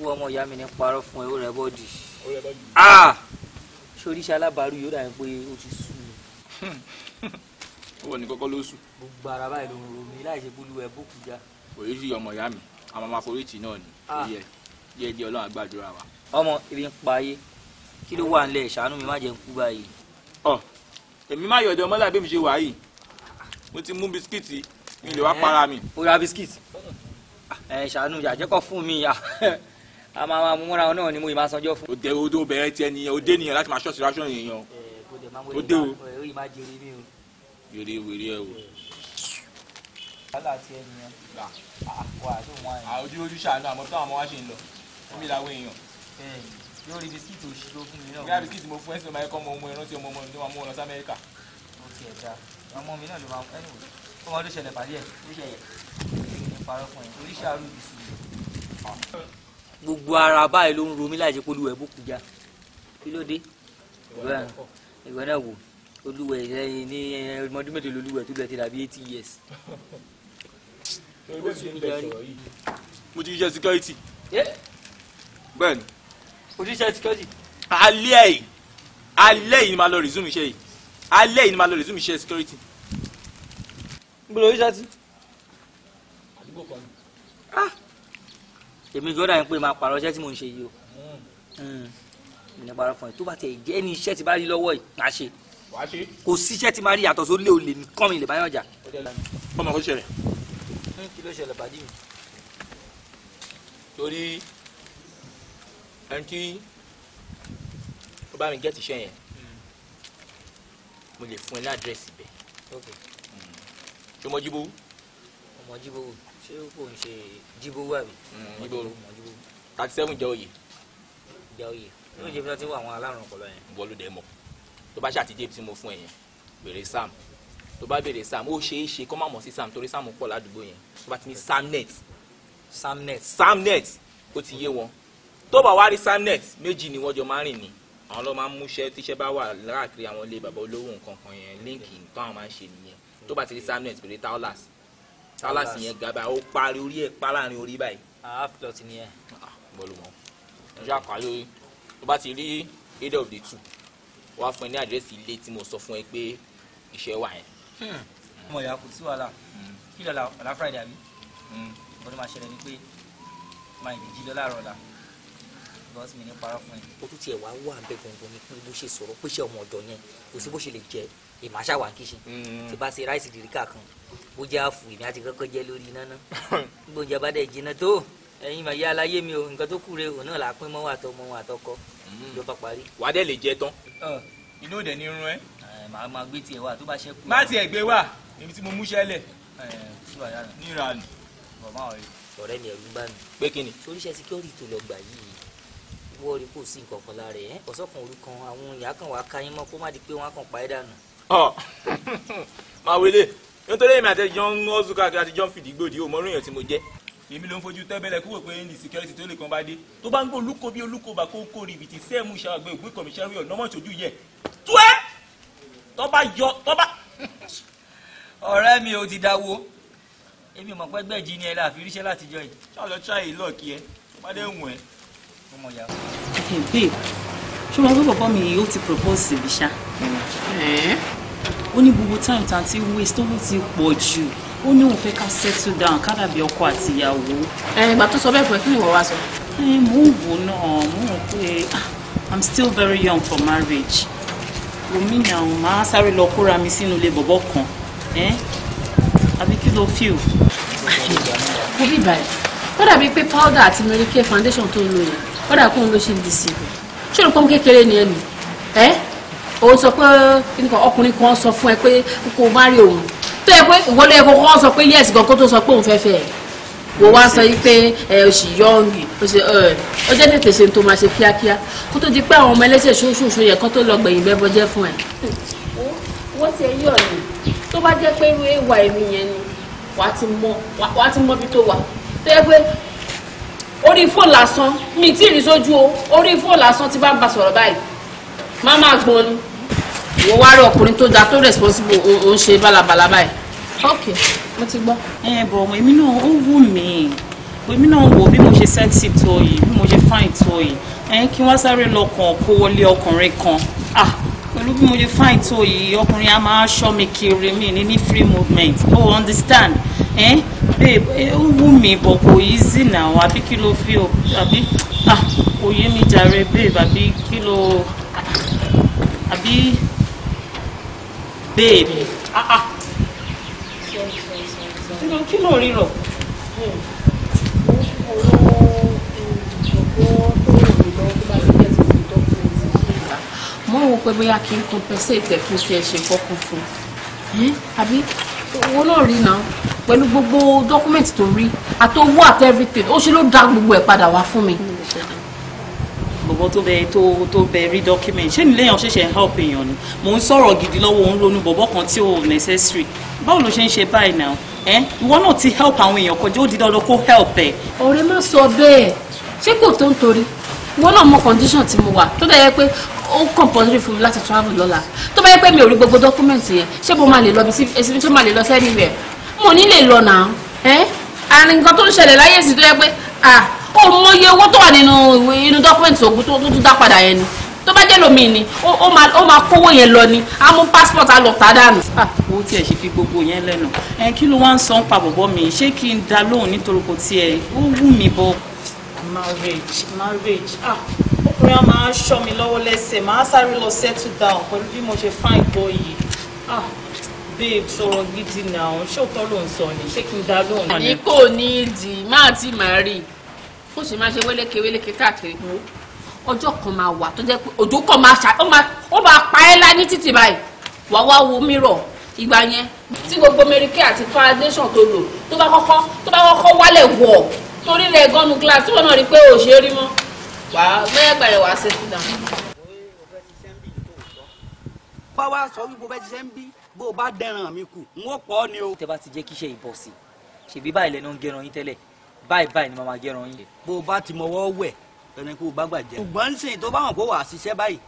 wú ọmọ ìyá mi ní parọ́ fún ẹ ó rẹ bọ́ọ̀dì sórí iṣẹ́ alábàárù yóò dàbí pé ó ti sú mi. wọ́n ní kọ́kọ́ ló sùn. gbogbo ara báyìí ló ń ro mi láì ṣe búlú ẹ bó kú já. òyìnbí ọmọ ìyá mi àwọn ọmọ àforítì náà ni díẹ̀ díẹ̀ díẹ̀ Ọlọ́run á gbàdúrà wa. ọmọ ebi ń pa ayé kí ló wà nílẹ̀ ṣàánú mi má jẹ́ ń kú báyìí. ọ èmi má yọ̀dọ̀ ọmọ láì bí mi ṣe wà yìí mo ti mú bisikíìtì mi lè wá para mi. ó ra bisikíìtì ẹ eh, ṣàánú yàjẹ́kọ̀ fún mi a máa máa múra ọ náà ni mo ì máa sanjọ́ fún. o dé o tó bẹ̀rẹ̀ tiẹ̀ nìyẹn o dé nìyẹn láti máa ṣọ́ọ̀ṣì ráṣọ́ èèyàn o dé o. wèrè wèrè ẹ o. wàhálà tiẹ̀ nìyẹn. wà á tó wọn àyè. àwọn ojú ṣàánú àmọ́ tó àwọn wá ṣe ń lọ fún mi làwọn èèyàn. yóò rí bisikíìtì òṣìṣẹ́ fún mi náà. bí a bisikíìtì mo fún ẹ̀sìn ọmọ ẹ̀kọ́ ọmọ ọmọ ẹ̀rọ ọmọ ọmọ mi ló máa Amẹ́ríkà. ó ti ẹ̀ ọmọ mi náà ló máa ẹnu ó gbogbo ara báyìí ló ń ro mí láìsí pé olúwẹ̀ bùkún já kí ló dé ìwọ náà wò olúwẹ̀ lẹ́yìn ní ọmọdún mẹ́tò lolúwẹ̀ tó bẹ̀ ti dàbí eighty years. mo ti ṣiṣẹ́ security. bẹ́ẹ̀ni. mo ti ṣiṣẹ́ security. alẹ́ yìí alẹ́ yìí ni màá lọ resume iṣẹ́ yìí alẹ́ yìí ni màá lọ resume iṣẹ́ security. n bolo oríṣà ti. àdúgbò kan èmi gbọ́dọ̀ yẹn pé máa pààrọ̀ iṣẹ́ tí mò ń ṣe yìí o hmm. ní pààrọ̀ fún ẹ tó bá tiẹ̀ jẹ́ ẹni iṣẹ́ ti bá rí lọ́wọ́ yìí máa ṣe kò sí iṣẹ́ ti máa rí yàtọ̀ sórí olè nìkan ilẹ̀ báyọ̀ ọjà. ọmọ kò ṣẹlẹ̀. Hmm, kí ló ṣẹlẹ̀ bàdí mi. torí ẹni tí ó bá mi gẹ́tì iṣẹ́ yẹn mo lè fún ẹ ní àdírẹ́sì bẹ́ẹ̀. Hmm. ṣọmọjíbó. ọmọjíbó wò ṣé kò ń ṣe jíbó wà mí. Mm, jíbóró thirty seven jẹ́ òye. jẹ́ òye yóò jẹ́ bí wọ́n ti wọ àwọn alárùn ọpọlọ yẹn. wọ́n ló dẹ̀ mọ̀ tó bá ṣàtijọ́ tí mo fún ẹ yẹn bèrè sam tó bá bèrè sam ó ṣeé ṣe kó má mọ̀ sí sam torí sam pọ̀ ládùúgbò yẹn tó bá ti ní samnet samnet samnet ó ti yé wọn tó bá wá rí samnet méjì ni wọ́n jọ máa rìn ni àwọn ló máa ń múṣẹ́ tíṣẹ́ bá wà láàkiri àwọn ilé bàbá olówó nǹkan kan yẹn líǹkì táwọn máa ń ṣe nìyẹn tó bá ti rí samnet bèrè taolas tálàsì yẹn gàbà ó parí orí ẹ̀ pa láàrin orí báyìí. half plot ni ẹ. bọ́ọ̀lù ah, mọ́ ọjọ́ àkàlẹ́ orí o bá ti rí area of the two wàá fún ẹ ní àdírẹ́sì ilé tí mo sọ fún ẹ pé iṣẹ́ wà yẹn. ọmọ hmm, ìyá kò sí wàhálà kí lọ́la ọ̀la friday àbí ọdún hmm. máa ṣẹlẹ̀ ni pé máa ìdí jí lọ́la rọ̀la bọ́sì mi ní parọ́ fún ẹ. ó tún tiẹ̀ wá wà bẹ́ẹ̀ gbọ̀ngbọ̀n ni pé bó ṣe sọ̀rọ̀ pé ṣe ọmọ ọ̀dọ́ yẹn kò sí bó ṣe lè jẹ́ èmi àṣà wà kíṣin mm. tí bá ṣe ráìsì dìríkà kan bó jẹ́ àfù èmi àti kọ́kọ́ jẹ́ lórí iná náà nígbà oúnjẹ bá dẹ̀ jiná tó ẹ̀yin màá yá aláyé mi o nǹkan tó kúre òun náà là pín mọ́ wà tọ́ mọ́ wà tọ́kọ ló mm. bá parí. wàá dẹ̀ lè jẹ tán inú òde ní irun ẹ. màá máa gbé tiẹ̀ wá tó bá ṣẹ́kù. má tiẹ̀ gbé wá èmi tí mo mú ṣẹlẹ̀ níranù. ọ̀rẹ́ mi ẹ̀rù ń bá mi. pé kí ni. soríṣẹ́ security tó lọ gbà yìí wọ́ọ̀rí kò sí nǹkan kan lára ẹ̀ ọ̀sọ́kan òru kan àwọn ìyá kan wàá ká yín mọ́ kó má di pé wọ́n á kàn pa ẹ́ dànù ọ máa wele nítorí èmi àtẹjọ ń ọ́sùn káàkiri àtẹjọ ń fìdí gbòdì òmò oríyàn tí mo jẹ́ èmi ló ń fojú tẹ́bẹ̀lẹ̀ kúrò pé ní security tó lè kan bá dé tó bá ń gbọ́ olúkọ bí olúkọ bá kó kórè ibi tí sẹ́ẹ̀mù ṣàgbé ògbé kọ̀míṣẹ́rì ọ̀nà mọ̀ tójú yẹ tú ẹ́ tó bá yọ tó bá. ọ̀rẹ́ mi ò ti dáwó èmi mọ̀ pé gbẹ̀jì ni ẹ la fi ríṣẹ́ láti jọ yìí ṣáà lọ tíráyè lọ́ọ̀kì ẹ tó bá dé wù ẹ ọmọ ìyá. babe ṣé wọn gbé bọ̀bọ̀ mi ó ti propose ìbíṣà ó ní gbogbo time tá à ti waste owó ti pọ̀ jù ó ní òun fẹ́ ká settle down ká dàbí ọkọ àti ìyàwó. ìgbà tó sọ bẹ́ẹ̀ fún ẹ kí ni ìwọ wá sọ. ẹ ń wò náà mò ń pè ah, i'm still very young for marriage omi ni àwọn máa sáré lọ kóra mi sínú ilé bọ̀bọ̀ kan àbí kí ló fi o. mo bí ìbàdàn ó dàbí pé powder àti merike foundation tó ń lò yẹn ó dà kó ń lo ṣe ń di sí i ṣé olùkọ́ kékeré ni ẹ nì ẹ́ òun sọ pé nǹkan ọkùnrin kan sọ fún ẹ pé kò má rí òun tó yẹ pé ìwọlé ẹ kọ́kọ́ sọ pé yẹ́sì gan kó tó sọ pé òun fẹ́ẹ́ fẹ́ ẹ̀ wò wá sọ pé ẹ ò sì yọǹgì ó ṣe ẹ ó jẹ́ tètè ṣe tó máa ṣe kíákíá kó tó di pé àwọn ọmọ ẹlẹ́sẹ̀ ṣoṣooṣo yẹ kó tó lọ gbẹ̀yìn bẹ́ẹ̀ bọ́jẹ́ fún ẹ. wọ́n ti yọ̀ ni tó bá jẹ́ pé irú ìwà èmi yẹn ni wàá ti mọ wàá ti mọ bí tó wà tó yẹ pé orí fóònù lásán mi tí ì rí sójú o orí fóònù lásán ti bá ń bá sọ̀rọ̀ báyìí má má gbọ́n ni ìwọ wá rí ọkùnrin tó dáa tó responsible ò ń ṣe bálabàla báyìí. ok mo ti gbọ́. ẹ bọ̀ ọmọ èmi náà ó wù mí èmi náà wò bí mo ṣe sexy tó yìí bí mo ṣe fine tó yìí ẹ kí wọ́n sáré lọ́kàn kó wọlé ọkùnrin kan ah pẹ̀lú bí mo ṣe fine tó yìí ọkùnrin a máa ṣọ́ mi kiri mi ní ní free movement oh understand eh babe ó wù mí bọ̀ kò easy now àbí kí ló fi àbí ah kò yé mi jàre babe àbí kí ló àbí bẹ́ẹ̀mi ah, ah. kí ló ń rírọ̀. mo wò pé bóyá kí n compensate ẹ̀ fún ṣe ẹ̀ ṣe fọ́kàn fún un hmm? àbí owó náà rí náà pẹ̀lú gbogbo dọ́kúmẹ̀ntì tó rí àtọwọ́ àti everything ó ṣe ló dá gbogbo ẹ̀ padà wa fún mi ìwọ tó bẹ tó tó bẹ rí document ṣé nílé èèyàn ṣẹ̀ṣẹ̀ help èèyàn ni mò ń sọ̀rọ̀ gidi lọ́wọ́ òun ronú bọ̀bọ̀ kan tí ò necessary báwo ló ṣe ń ṣe báyìí náà ẹ ìwọ náà ti help àwọn èèyàn kọjá ó di dandan kó help ẹ. ọ̀rẹ́ má sọ bẹ́ẹ̀ ṣé kò tó ń torí ìwọ náà mọ condition tí mo wà tó dẹ̀ yẹ pé ó compulsory fún mi láti travel lọ́la tó bá yẹ pé mi ò rí gbogbo document yẹn ṣé mo máa lè lọ bí ẹsìn tó máa lè lọ sẹ́ni rẹ̀ mo ní lè lọ náà ẹ́ àrùn nǹkan tó ń ṣẹlẹ̀ láyé sí tó yẹ pé ah ó mọye owó tó wà nínú ìwé inú dọ́kúmẹ̀ntì ògùn tó tún dá padà yẹn ni tó bá jẹ́ lómi ni ó máa kówó yẹn lọ ni á mú passport á lọ tà dànù. Ah, owó tiẹ̀ ṣe fi gbogbo yẹn lẹ́nu ẹ kí ló wá ń san pa bọ̀bọ̀ mi ṣé kí n dá lóhùn nítorí kò tiẹ̀ ó wù mí bọ̀. marriage marriage ah ọkùnrin á máa ṣọ́ mi lọ́wọ́ lẹ́sẹ̀ máa sáré lọ settle down pẹ̀lú bí mo ṣe fine boy yìí ah babe sọ̀rọ̀ gidi náà ṣé òótọ́ ló ń sọ ni ṣé kí n dá lóhùn. àní ní ìdí má ti máa rí i kó sì máa ṣe wéléke wéléke káàkiri wo ọjọ́ kan máa wà tó jẹ́ pé òjò kan máa ṣà ó máa pa ẹ́ lá ní títì báyìí wàá wá wo mírọ̀ ìgbà yẹn tí gbogbo mẹ́ríkẹ́ àti foundation tó lò tó bá kọ́kọ́ tó bá kọ́kọ́ wálẹ̀ wọ̀ torí rẹ̀ gọ́nu glass tí wọ́n náà rí pé ò ṣe é rí mọ́ wàá mẹ́ẹ̀gbà rẹ̀ wàá ṣe sídà. báwa sọ wípé bẹ́ẹ̀ ti ṣe ń bí bó o bá dẹran mi kù n ó pọ̀ ọ́ ni o. tẹ bá ti jẹ́ kíṣe ìbọ̀sìn ṣèbí báyìí lẹ́nu ń gẹran yín tẹ́lẹ̀ báyìí báyìí ni màmá gẹrun yín. bó o bá ti mọwọ́ wẹ̀ tẹ̀lé kó o bá gbà jẹ́. ṣùgbọ́n nísìnyí tó bá wọn kó wàá ṣiṣẹ́ báyìí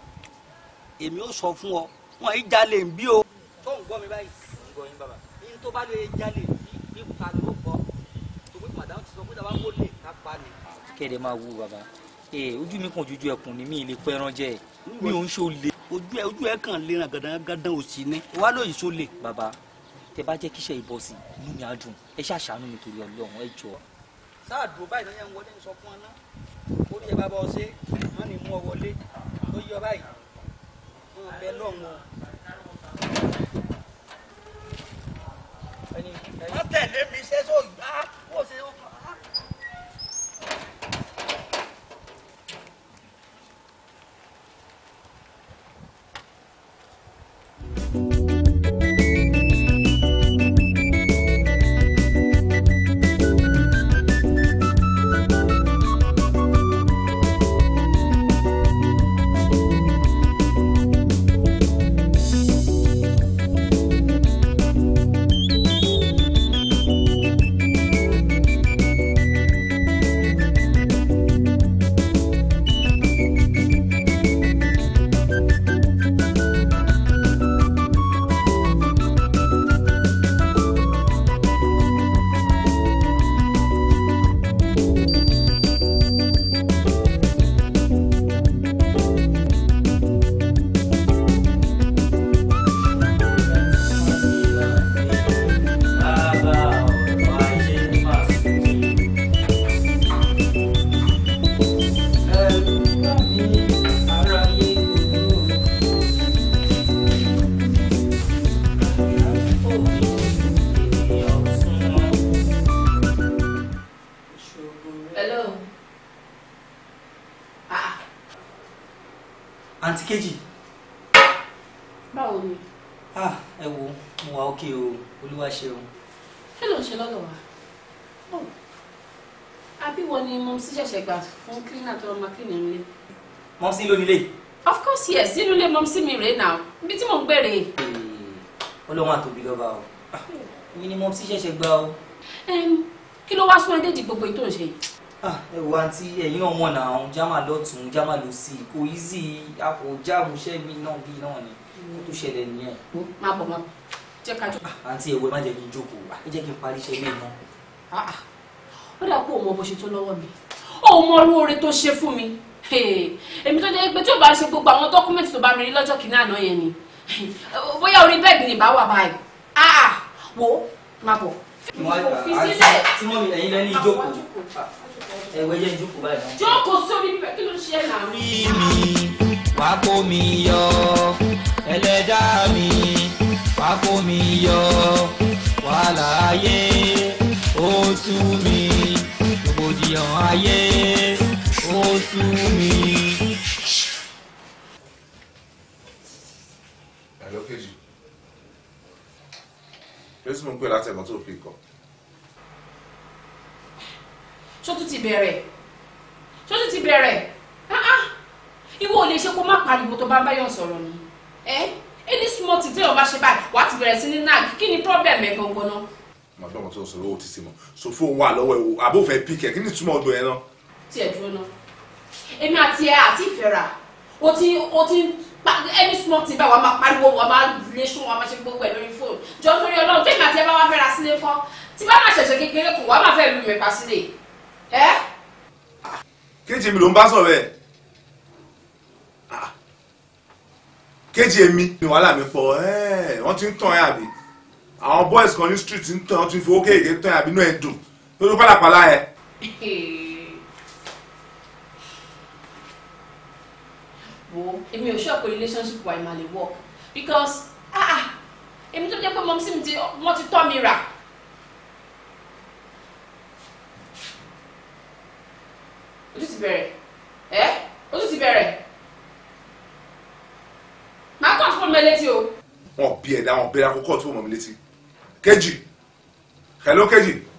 èmi ó sọ fún ọ wọn yìí jalè ń bí o. tó ń gbọ́ mi báyìí. ń gbọ́ yín bàbá. yín tó bá lè jalè bí ta ni ó kọ́ tòun pé màdàm ti sọ pé dàbá kó lè ká pa ni. kéde máa wú bàbá ee ojú mi kan ojú ẹkùn ni mi ì lè pẹran jẹ mi ò ń ṣe olè. ojú ẹ ojú ẹ kàn lè ràn gàdangàdan òsì ni wà lóyìn sólè. bàbá tẹ bá jẹ́ kíṣẹ́ ìbọ̀sì inú mi á dùn ẹ ṣàṣàánú mi torí Ọlọ́run ẹ jọ̀ọ́ táà dùn báyìí lọ́yẹ̀ ń wọlé ń sọ fún ọ náà orí ẹ̀ bá bọ́ ọ ṣe wọ́n ní mú ọ wọlé tó yọ báyìí wọ́n bẹ lọ́wọ́. wọ́n tẹ̀lé mi ṣe sí lónìí lé. of course yes inú ilé mọ́mí sí mi now. náà ibi tí mò ń gbèrè. ọlọ́run àtòbí lọ́ba o ah, mi ni mọ́mí sí ṣẹ̀ṣẹ̀ gbà o. kí ló wá sún ẹ déjì gbogbo ètò ìṣe. Ah, ẹ wo àǹtí ẹ̀yin ọmọ náà jámà lọ́tún jámà lọ́sì kò í sí àpò jáàmù iṣẹ́ mi náà bí náà ni kó tó ṣẹlẹ̀ nìyẹn. má bọ̀ má jẹ́ ká jókòó. Ah, àǹtí ẹ̀wẹ̀ má jẹ́ kí n jókòó ẹ jẹ́ kí n parí iṣẹ́ mi náà. ó dà pé òun ọmọ ṣe tó lọ́wọ́ mi òun mọ orú oore tó ṣe fún mi èmi tó jẹ́ pé tí o bá ṣe gbogbo àwọn dọ́kúmẹ̀tì tó bá mi rí lọ́jọ́ kìíní àná yẹn ni bóyá orí bẹ́ẹ̀dì ni bá wà báyìí ah, ah wo má bọ̀. tí wọ́n mi ẹ̀yin lẹ́ni ìjókòó ẹ̀wẹ̀ yẹn ìjókòó báyìí. jókòó sórí bíbẹ́ kí ló ṣe é náà. rí mi wàá kó mi yọ ẹlẹ́dàá mi wàá kó mi yọ wàhálà ayé ó mi rògbòdìyàn ayé ó sú mi. ẹ̀lọ́ kejì jésù mo ń pè láti ẹ̀kọ́ tó fi kọ́. ṣótú ti bẹ̀rẹ̀ ṣótú ti bẹ̀rẹ̀ ah, ah. ìwọ ò lè ṣe kó má pariwo tó bá ń báyọ̀ sọ̀rọ̀ ni ẹni súnmọ́ ti tẹ́yọ̀ bá ṣe báyìí wàá ti bẹ̀rẹ̀ sí ní nag kí ni problem ẹ̀ gangan náà. màá bá wọn tó sọ̀rọ̀ ó ti sè mọ so fóun wà lọ́wọ́ ẹ wo àbófẹ píkẹ kí ni túmọ̀ ọdún yẹn náà. tiẹ̀ dúró náà èmi àti ẹ àti ìfẹ́ra o ti o ti any small thing báyìí wà á máa pariwo wà á máa relation wà á máa ṣe gbogbo ẹ̀ lórí fóònù jọ lórí ọlọ́run tẹ́mi àti ẹ bá wá fẹ́ra sílé kọ́ tí bá máa ṣẹ̀ṣẹ̀ kékeré kù wà á máa fẹ́ lu mi pa sílé ẹ́. kejì mi ló ń bá sọ̀rọ̀ ẹ̀ kejì èmi ni wàhálà mi pọ̀ ẹ́ wọ́n ti ń tàn ẹ́ àbí àwọn boys kan ní street ń tàn ẹ́ wọ́n ti ń fowó kéèké tàn ẹ́ àbí inú ẹ̀ dùn lórí pálapàla ẹ̀. èmi ò sure pé relationship wa ìmàlè work because ah, ah èmi tó jẹ́ pé mọ́mí sí mi ti wọ́n ti tọ́ mi rà. ojú ti bẹ̀rẹ̀ ẹ́ ojú ti bẹ̀rẹ̀ máa kọ́ fún mi létí o. wọn ò bí ẹ̀dá wọn bẹ̀rẹ̀ àkókò tó mọ̀ mi létí kejì hello kejì.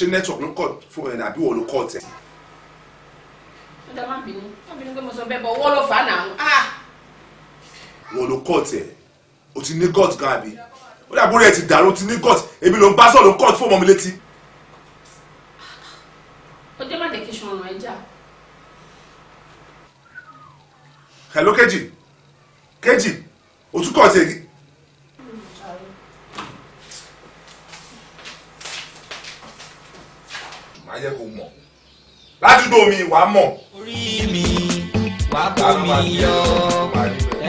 ṣé network ń kọ̀ fún ẹ̀ àbí wọ́n ló kọ̀ tẹ̀. ó dá má bínú má bínú pé mo sọ bẹ́ẹ̀ bọ̀ wọ́n ló fà á ah! o ti ní gut gan àbí ó dàbí orí ẹ̀ ti dàrú o ti ní gut èmi ló ń bá sọ̀rọ̀ gut fún ọmọ mi létí. ọjọ́ má dẹ̀ kí ṣan ọ̀ràn ẹ̀ jà. hello kejì kejì òtún kọ̀ tẹ̀ ń dò mí wàá mọ̀. orí mi wàá kó mi yọ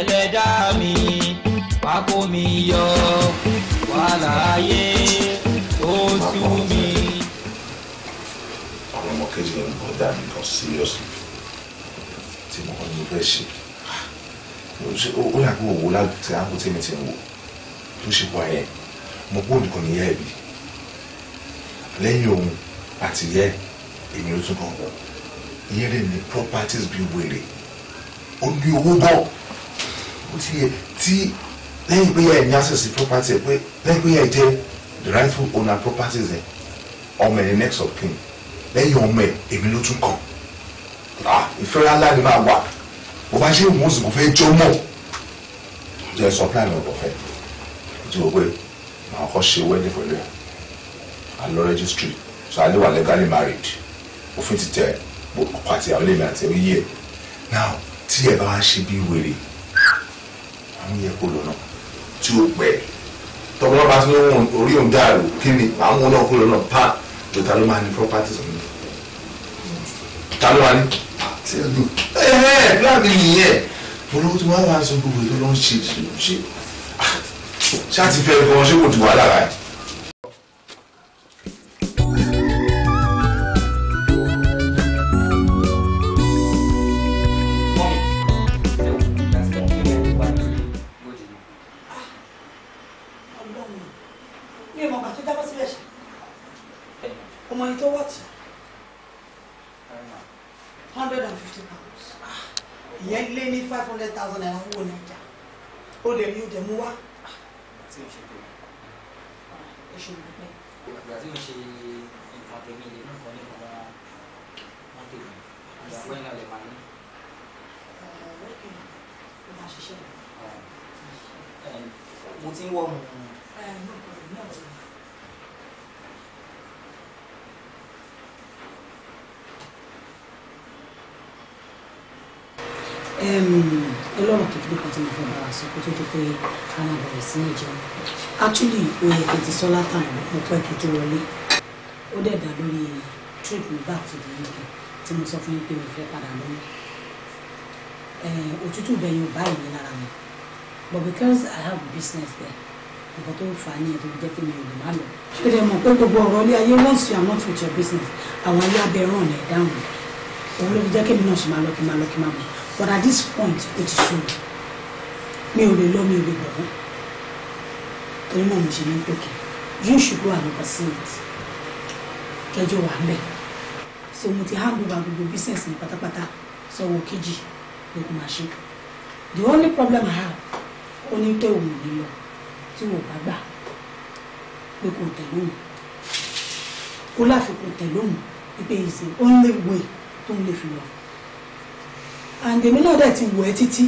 ẹlẹ́dá mi wàá kó mi yọ wàhálà ayé ó sú mi. àwọn ọmọ kejì ń bọ̀ dá mi kan seriously tí mo kàn ní bẹ́ẹ̀ ṣe ó yà kó wò láti àpò tí mi ti wò tó ṣe wà mo kó nìkan níyà ẹ̀bí lẹ́yìn òun àti yẹ èmi ló tún kàn wọ́n ìyẹn lè ní properties bíi wèrè ó ní owó bọ̀ ó ti yẹ tí lẹ́yìn pé yẹ ẹ̀ ní access sí property ẹ̀ pé lẹ́yìn pé yẹ jẹ́ the rightful owner properties ẹ̀ ọmọ ẹ̀ next of kin lẹ́yìn ọmọ ẹ̀ èmi ló tún kàn ah ìfẹ́ra ńlá ni máa wà bó bá ṣe mú òsùn kò fẹ́ jọ mọ́ jẹ́ supply mi ọ̀bọ̀ fẹ́ tí o pé màá kọ́ ṣe wedding pẹ̀lú ẹ̀ àlọ́ registry so àlẹ́ wà legally married òfin ti tẹ̀ ẹ́ ọkọ àti àwọn ilé mi àti oyè ẹ náà tí ẹ bá wá ṣe bí wèrè àwọn yẹ kó lọ náà tí ó pẹ́ tọmọ náà bá tún ń orí òun dàrú kí ni àwọn náà kó lọ náà pa jọta ló máa ní properties ọ̀hún ta ló wà ní àti ẹ̀dùn ẹ̀ẹ́ láàmì nìyẹn olówó tí wọ́n wá sọ gbogbo ìlú ló ṣe ṣe ṣáà ah! ti fẹ́ ṣé kò ju wàhálà rà yìí. ọlọ́run kékeré kan tí mo fẹ́ bára sọ kó tó di pé a máa bẹ̀rẹ̀ sí ní actually o yẹ kí n ti sọ látàná mo pẹ́ kí n tó wọlé ó dẹ̀ dá lórí trip mi back to the UK tí mo sọ fún yín pé mo fẹ́ padà lọ́wọ́ òtútù bẹ̀yìn ò báyìí mi lára mi but because I have business there nǹkan tó fà á ní ẹ̀dùn jẹ́ kí mi ò lè má lọ. ṣé ẹ mọ̀ pé gbogbo ọ̀rọ̀ ilé ayé once you are not with your business àwọn ayé abẹ́ ràn ẹ̀ dáhùn òun ló fi jẹ́ kí mi náà ṣe máa lọ kí máa lọ kí máa bọ̀ but at this point ó ti sú mi mi ò lè lọ mi ò lè bọ̀ wọ́n torí náà mo ṣe ní pé kí you should go and oversee it kẹjọ wà ń bẹ̀ so mo ti hand over gbogbo business mi pátápátá sọwọ́ kejì ló kò máa ṣe the only problem I have ó ní pé òun ò ní lọ tí wò bá gbà pé kò tẹ̀ lóhùn kó láfikún tẹ̀ lóhùn pé is the only way tó ń lè fi lọ and èmi náà dẹ̀ ti wọ̀ ẹ́ títí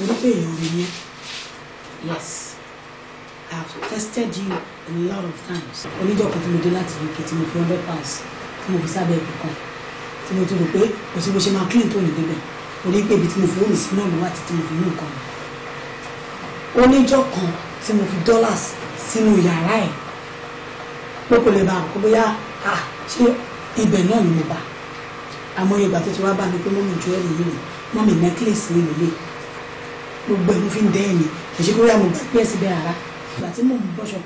orí pé èèyàn rí yẹn. yes i have tested you a lot of times. oníjọ́ kan tí mo dé láti uk tí mo fi hundred pounds tí mo fi sábẹ́ ẹ̀kọ́ kan tí mo ti rò pé kò sí bó ṣe máa clean tó ní débẹ̀ orí pé ibi tí mo fi omi sí náà ló wà títí mo fi mú nǹkan mi. oníjọ́ kan tí mo fi dollars sínú yàrá ẹ̀ pé kò lè bá àkóbóyá ah, ṣé ibẹ̀ náà ni mo bá a àmọ́ ìgbà tó ti wá bá mi pé mọ́mì jewelry yìí rèé mọ́mì necklace mi lélẹ̀ gbogbo ẹ̀ fi ń dẹ́ ẹ̀mí kì í ṣe kó yá mo gbà pé ẹ̀sìn bẹ́ẹ̀ ìgbà tí mò ń bọ́ṣọ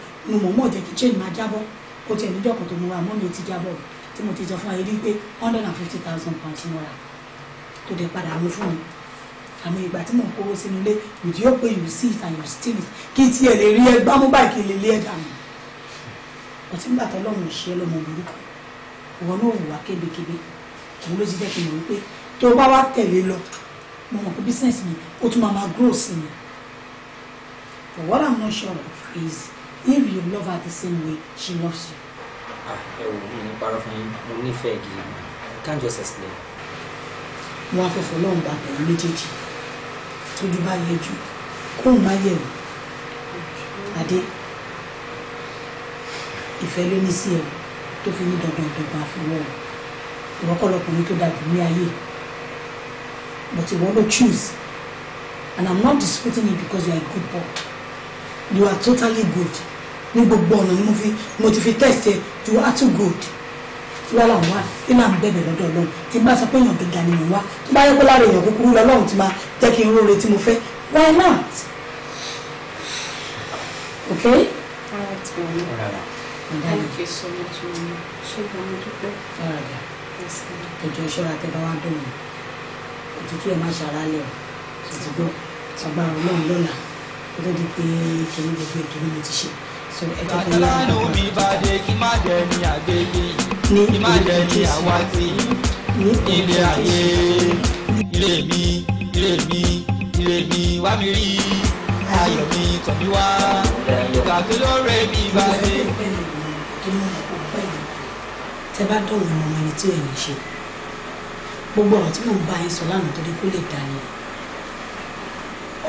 mo mọ̀ jẹ́ kí chain máa jábọ́ kó tiẹ̀ níjọ́ kan tó mo ra mọ́mì ti jábọ́ tí mo ti sọ fún ayé rí pé hundred and fifty thousand pounds mo ra tó dẹ̀ padà mú fún mi àmọ́ ìgbà tí mò ń kówó sínú ilé with your pay you see it and you steal it kí tiẹ̀ lè rí ẹ gbámú báyìí kí lè lé ẹ dànù ọtí ńgbà tọ́lọ́run ṣe é lọ́mọ burúkú ìwọ náà wùwà kébékébé òun ló ti jẹ́ kí n mọ̀ wípé tó bá wá tẹ̀lé lọ mo mọ̀ pé business mi ó tún máa máa grow sí mi but what i'm not sure of is if you love her the same way she loves you. Ah, ẹ wò ó ní parọ́ fún yín mo nífẹ̀ẹ́ gidi can't just explain. mo wá fẹ́ fọlọ́run bá bẹ̀rẹ̀ méjèèjì tójú bá yẹ jù kóun má yẹ̀ wò adé ìfẹ́ ló ní sí ẹ̀ tó fi ní dandan dandan àfọwọ́ rẹ̀ ìwọ́kọ̀lọkùnrin tó dàbí ní ayé but ìwọ ló choose and i'm not disputing it because you are a good boy you are totally good ní gbogbo ọ̀nà ni mo fi mo ti fi test ẹ you are too good tí wàá wá tí màá bẹ̀bẹ̀ lọ́dọ̀ ọlọ́run tí bá sọ pé èèyàn gíga ni wá tó bá yẹ kó lára èèyàn kúkúrú lọ́lọ́run ti máa jẹ́ kí n róore tí mo fẹ́ why not okay. All right, All right. Thank you so much, Mama ẹjọ ìṣọ́ra tẹ bá wá dọ̀wọ́ òtútù ẹ̀ má ṣàrálẹ̀ ọ̀ ṣètìgbọ́ ṣàgbára ọlọ́run lọ́la kó tó di pé kìí gbogbo ètò mi ti ṣe so ẹ jẹ́ pé yára ló mi bá dé kí má dẹ ní àgbéyé kí má dẹ ní àwa ti ilé ayé ilé mi ilé mi ilé mi wá mi rí ayọ̀ mi kàn mí wá kàkí lóore mi bá dé tẹ bá dọ̀wọ́ ọmọ ọmọ ẹni tí ẹ̀yìn ṣe gbogbo ọ̀rọ̀ tí mò ń bá yín sọ lánàá tó dé kó lè dá ni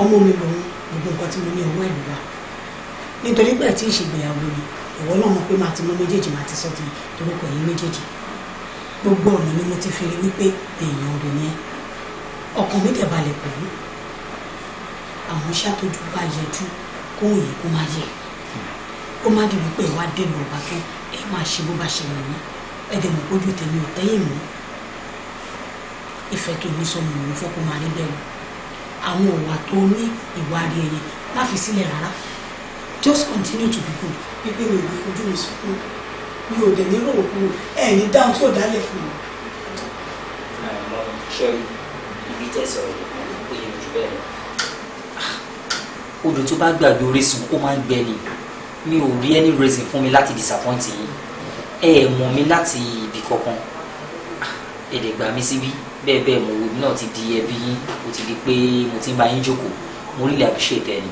ọmọ mi lòun gbogbo nǹkan tí mo ní ọwọ́ ẹ̀lú wa nítorí pé àti ìṣègbéyàwó ni ìwọ náà mọ̀ pé màá ti mọ méjèèjì màá ti sọ ti torúkọ yín méjèèjì gbogbo ọ̀nà ni mo ti fi rí wípé èèyàn ọ̀rẹ́ ni ẹ ọkàn mi dẹ̀ balẹ̀ pẹ̀lú àwọn ṣàtọ́jú bá yẹjú kó òye kó má yẹ kó má dìbò pé ìwádìí lọ́ba tó ẹ máa ṣe bó bá ṣe wọ̀nyí ẹ̀dẹ̀ mọ̀ kójú tèmi ò tẹ́yìn mú ìfẹ́ tó ní sọmọ òun fọ́kọ́ máa rí bẹ́ẹ̀ àwọn ọ̀wà tó ní ìwà rí ẹ̀yẹ má fi sílẹ̀ rárá just continue to be good wípé mi ò ní fojú mi sunkún mi ò dẹ̀ ní rò òkú ẹ̀yìn dáhùn tí ò dálẹ̀ fún mi. àmọ́ ṣẹ́rí ibi tẹ̀sán ìlú kò yẹ jù bẹ́ẹ̀ lọ. odò tó bá gbàgbé orísun ó máa ń gbẹ ni mi ò rí any reason fún mi láti disappoint yín ẹ ẹ mọ̀ mi láti ibì kankan ẹ lè gbà mí síbí bẹ́ẹ̀ bẹ́ẹ̀ mo wo mi náà ti di ẹbí yín ó ti di pé mo ti ń bá yín jókòó mo rí ilé àbíṣe tẹ̀ ni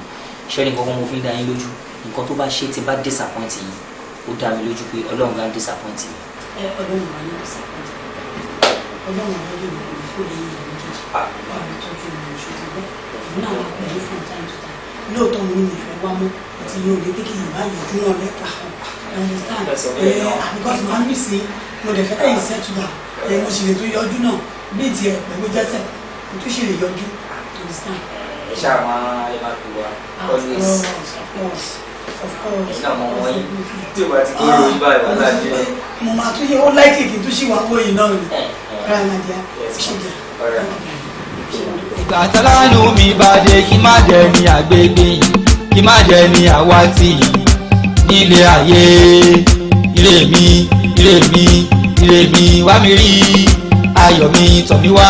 ṣẹ́ni kankan mo fi ń dá yín lójú nǹkan tó bá ṣe ti bá disappoint yín ó dá mi lójú pé ọlọ́run gan disappoint yín. ẹ ọlọ́run wà ní disappoint ọlọ́run wà lójú mi kò kó lè yẹ mi jẹ́ wà á tọ́jú mi oṣù tó bọ́ òun náà wà pẹ̀lú fún time to time lóòótọ́ mo ní mi fẹ́ wá mọ́ àti yóò lé pé kí n bá yọjú náà lẹ́pàá understand eh, ah, because màá mí sí mo dẹ̀ fẹ́ kẹ́yìn sẹ́tù dà ẹ mo sì lè tó yọjú náà bí tiẹ̀ pẹ̀lú jẹ́sẹ̀ mo tún sì lè yọjú understand. ẹ ṣáà máa ẹ máa tó wa always of course of course ẹ náà mọ wọn yìí tí o bá ti kí lóyún báyìí wọn bá jẹ. Ah, eh, mo máa tún yẹ ó láìkì kí n tún ṣì wá owó yìí náà ni rárá nàdíà ṣùgbọ́n. ìgbà tálánù mi bá dé kí má jẹ ní àgbègbè yìí kí má jẹ ní àwa tì yìí ilé ayé ire mi ire mi ire mi wá mi rí ayọ̀ mi tọ̀ mí wá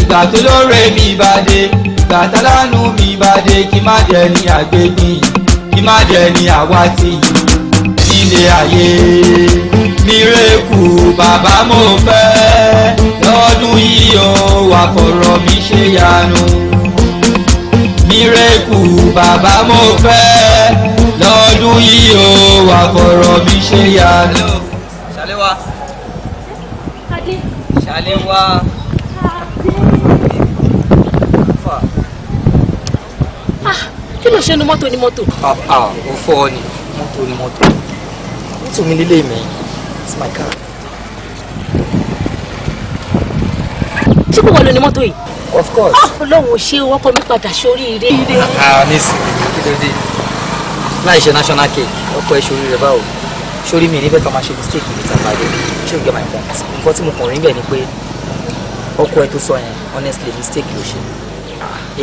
ìgbà tó lóore mi bá dé ìgbà tálánú mi bá dé kí má jẹ́ ní àgbẹ̀bí kí má jẹ́ ní àwátì ilé ayé mireku bàbá mo fẹ́ lọ́dún yìí o wà fọ̀rọ̀ mi ṣe yanu mireku bàbá mo fẹ́ ọlọ́run yìí o àkọ̀rọ̀ mi ṣe yà lọ. ṣàlẹ́wà. ṣàlẹ́wà. kí ló ṣe nu mọ́tò ní mọ́tò. ó ah, ah, fọ́ ọ ni mọ́tò ní mọ́tò mọ́tò mi nílé mi it's my car. ṣé kò wọ́n lo ní mọ́tò yìí. of course. Ah, ọlọ́run ò ṣe ọkọ mi padà sórí ire. nísìnyí kí ló dé láì ṣe national cake ọkọ ẹ ṣorí rẹ báwo ṣorí mi níbẹ̀ ká máa ṣe mistake níbi tá a bá dé ṣé o get my point nǹkan tí mo kàn rí bẹ́ẹ̀ ni pé ọkọ ẹ tó sọ yẹn honestly mistake ló ṣe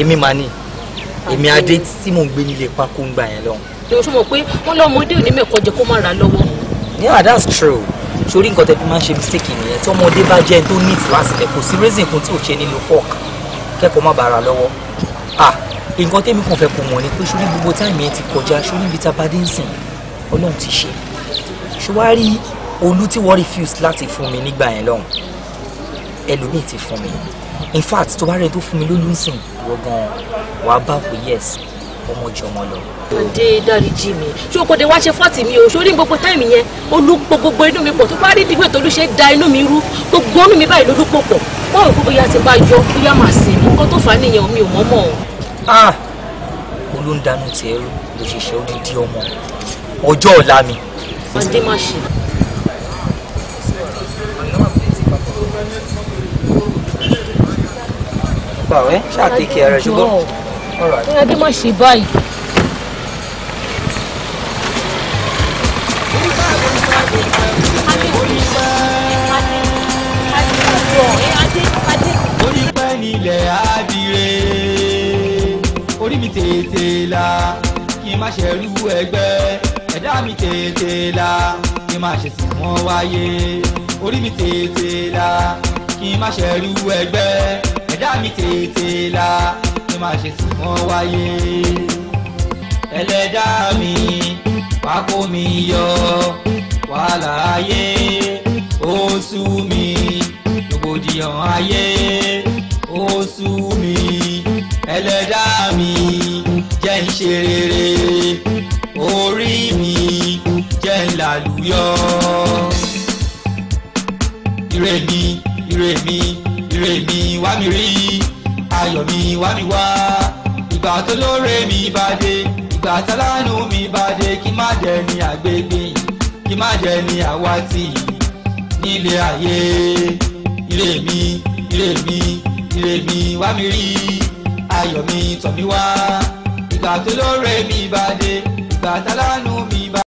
èmi máa ní èmi adé tí mò ń gbé nílé pákó ń gbà yẹn lọ́hùn. èmi sọ mọ̀ pé wọ́n lọ́mọdé òní mẹ́kọ jẹ kó má ra yeah that's true ṣorí nǹkan tẹ́ fi máa ń ṣe mistake nìyẹn tí ọmọdé bá jẹ́ tó ní ìtura sílẹ̀ kò sí raising kan tí ò ṣe nílò fork kẹ́kọ̀ọ́ má bàa ra lọ́wọ́ ah nǹkan tẹ́mi kàn fẹ́ kó mọ̀ ni pé sórí gbogbo táìmì yẹn ti kọjá sórí ibi tá a bá dé ń sùn ọlọ́run ti ṣe ṣùwárí olú tí wọ́n refuse láti fún mi nígbà yẹn lọ́hùn ẹlòmíì ti fún mi in fact tó bá rẹ tó fún mi lólú ń sìn wọ́n gan wàá bá pé yes ọmọ jù ọmọ lọ. ọ̀dẹ́ dáríjì mi ṣó kò dé wá ṣe fọ́ọ̀tì mi o ṣó ní gbogbo táìmì yẹn olú gbogbo inú mi pọ̀ tó bá rí dígbò tó ló ṣe da inú mi rú gbogbo inú mi báyìí lólú pọ̀ pọ̀ báwo kó bóyá ti bá yọ bóyá màá sinmi nǹkan tó fà á nìyẹn mi ò mọ́ mọ́ o ah olóńdàánú ti ẹrú ló ṣe ṣe odidi ọmọ ọjọ́ ọ̀la mi. adé má ṣe. bàwẹ́ ṣàtìkì ẹ̀rọ ṣùgbọ́n adé má ṣe báyìí. Yeah. tètè la kí n má ṣe rú ẹgbẹ́ ẹ̀dá mi tètè la kí n má ṣe sì wọ́n wáyé orí mi tètè la kí n má ṣe rú ẹgbẹ́ ẹ̀dá mi tètè la kí n má ṣe sì wọ́n wáyé ẹlẹ́dá mi wá kó mi yọ wàhálà ayé ó sú mi rògbòdìyàn ayé ó mi ẹlẹ́dá mi jẹ́ ń ṣe rere orí mi jẹ́ ń làlùyọ. ire mi ire mi ire mi wá mi rí ayọ̀ mi wá mi wá ìgbà tó lóore mi bá dé ìgbà tálánù mi bá dé kí má dẹni àgbègbè kí má dẹni àwátì nílé ayé ire mi ire mi ire mi wá mi rí ayọ̀ mi tọ̀ mí wá ìgbà tó lóore mi bá dé ìgbà tá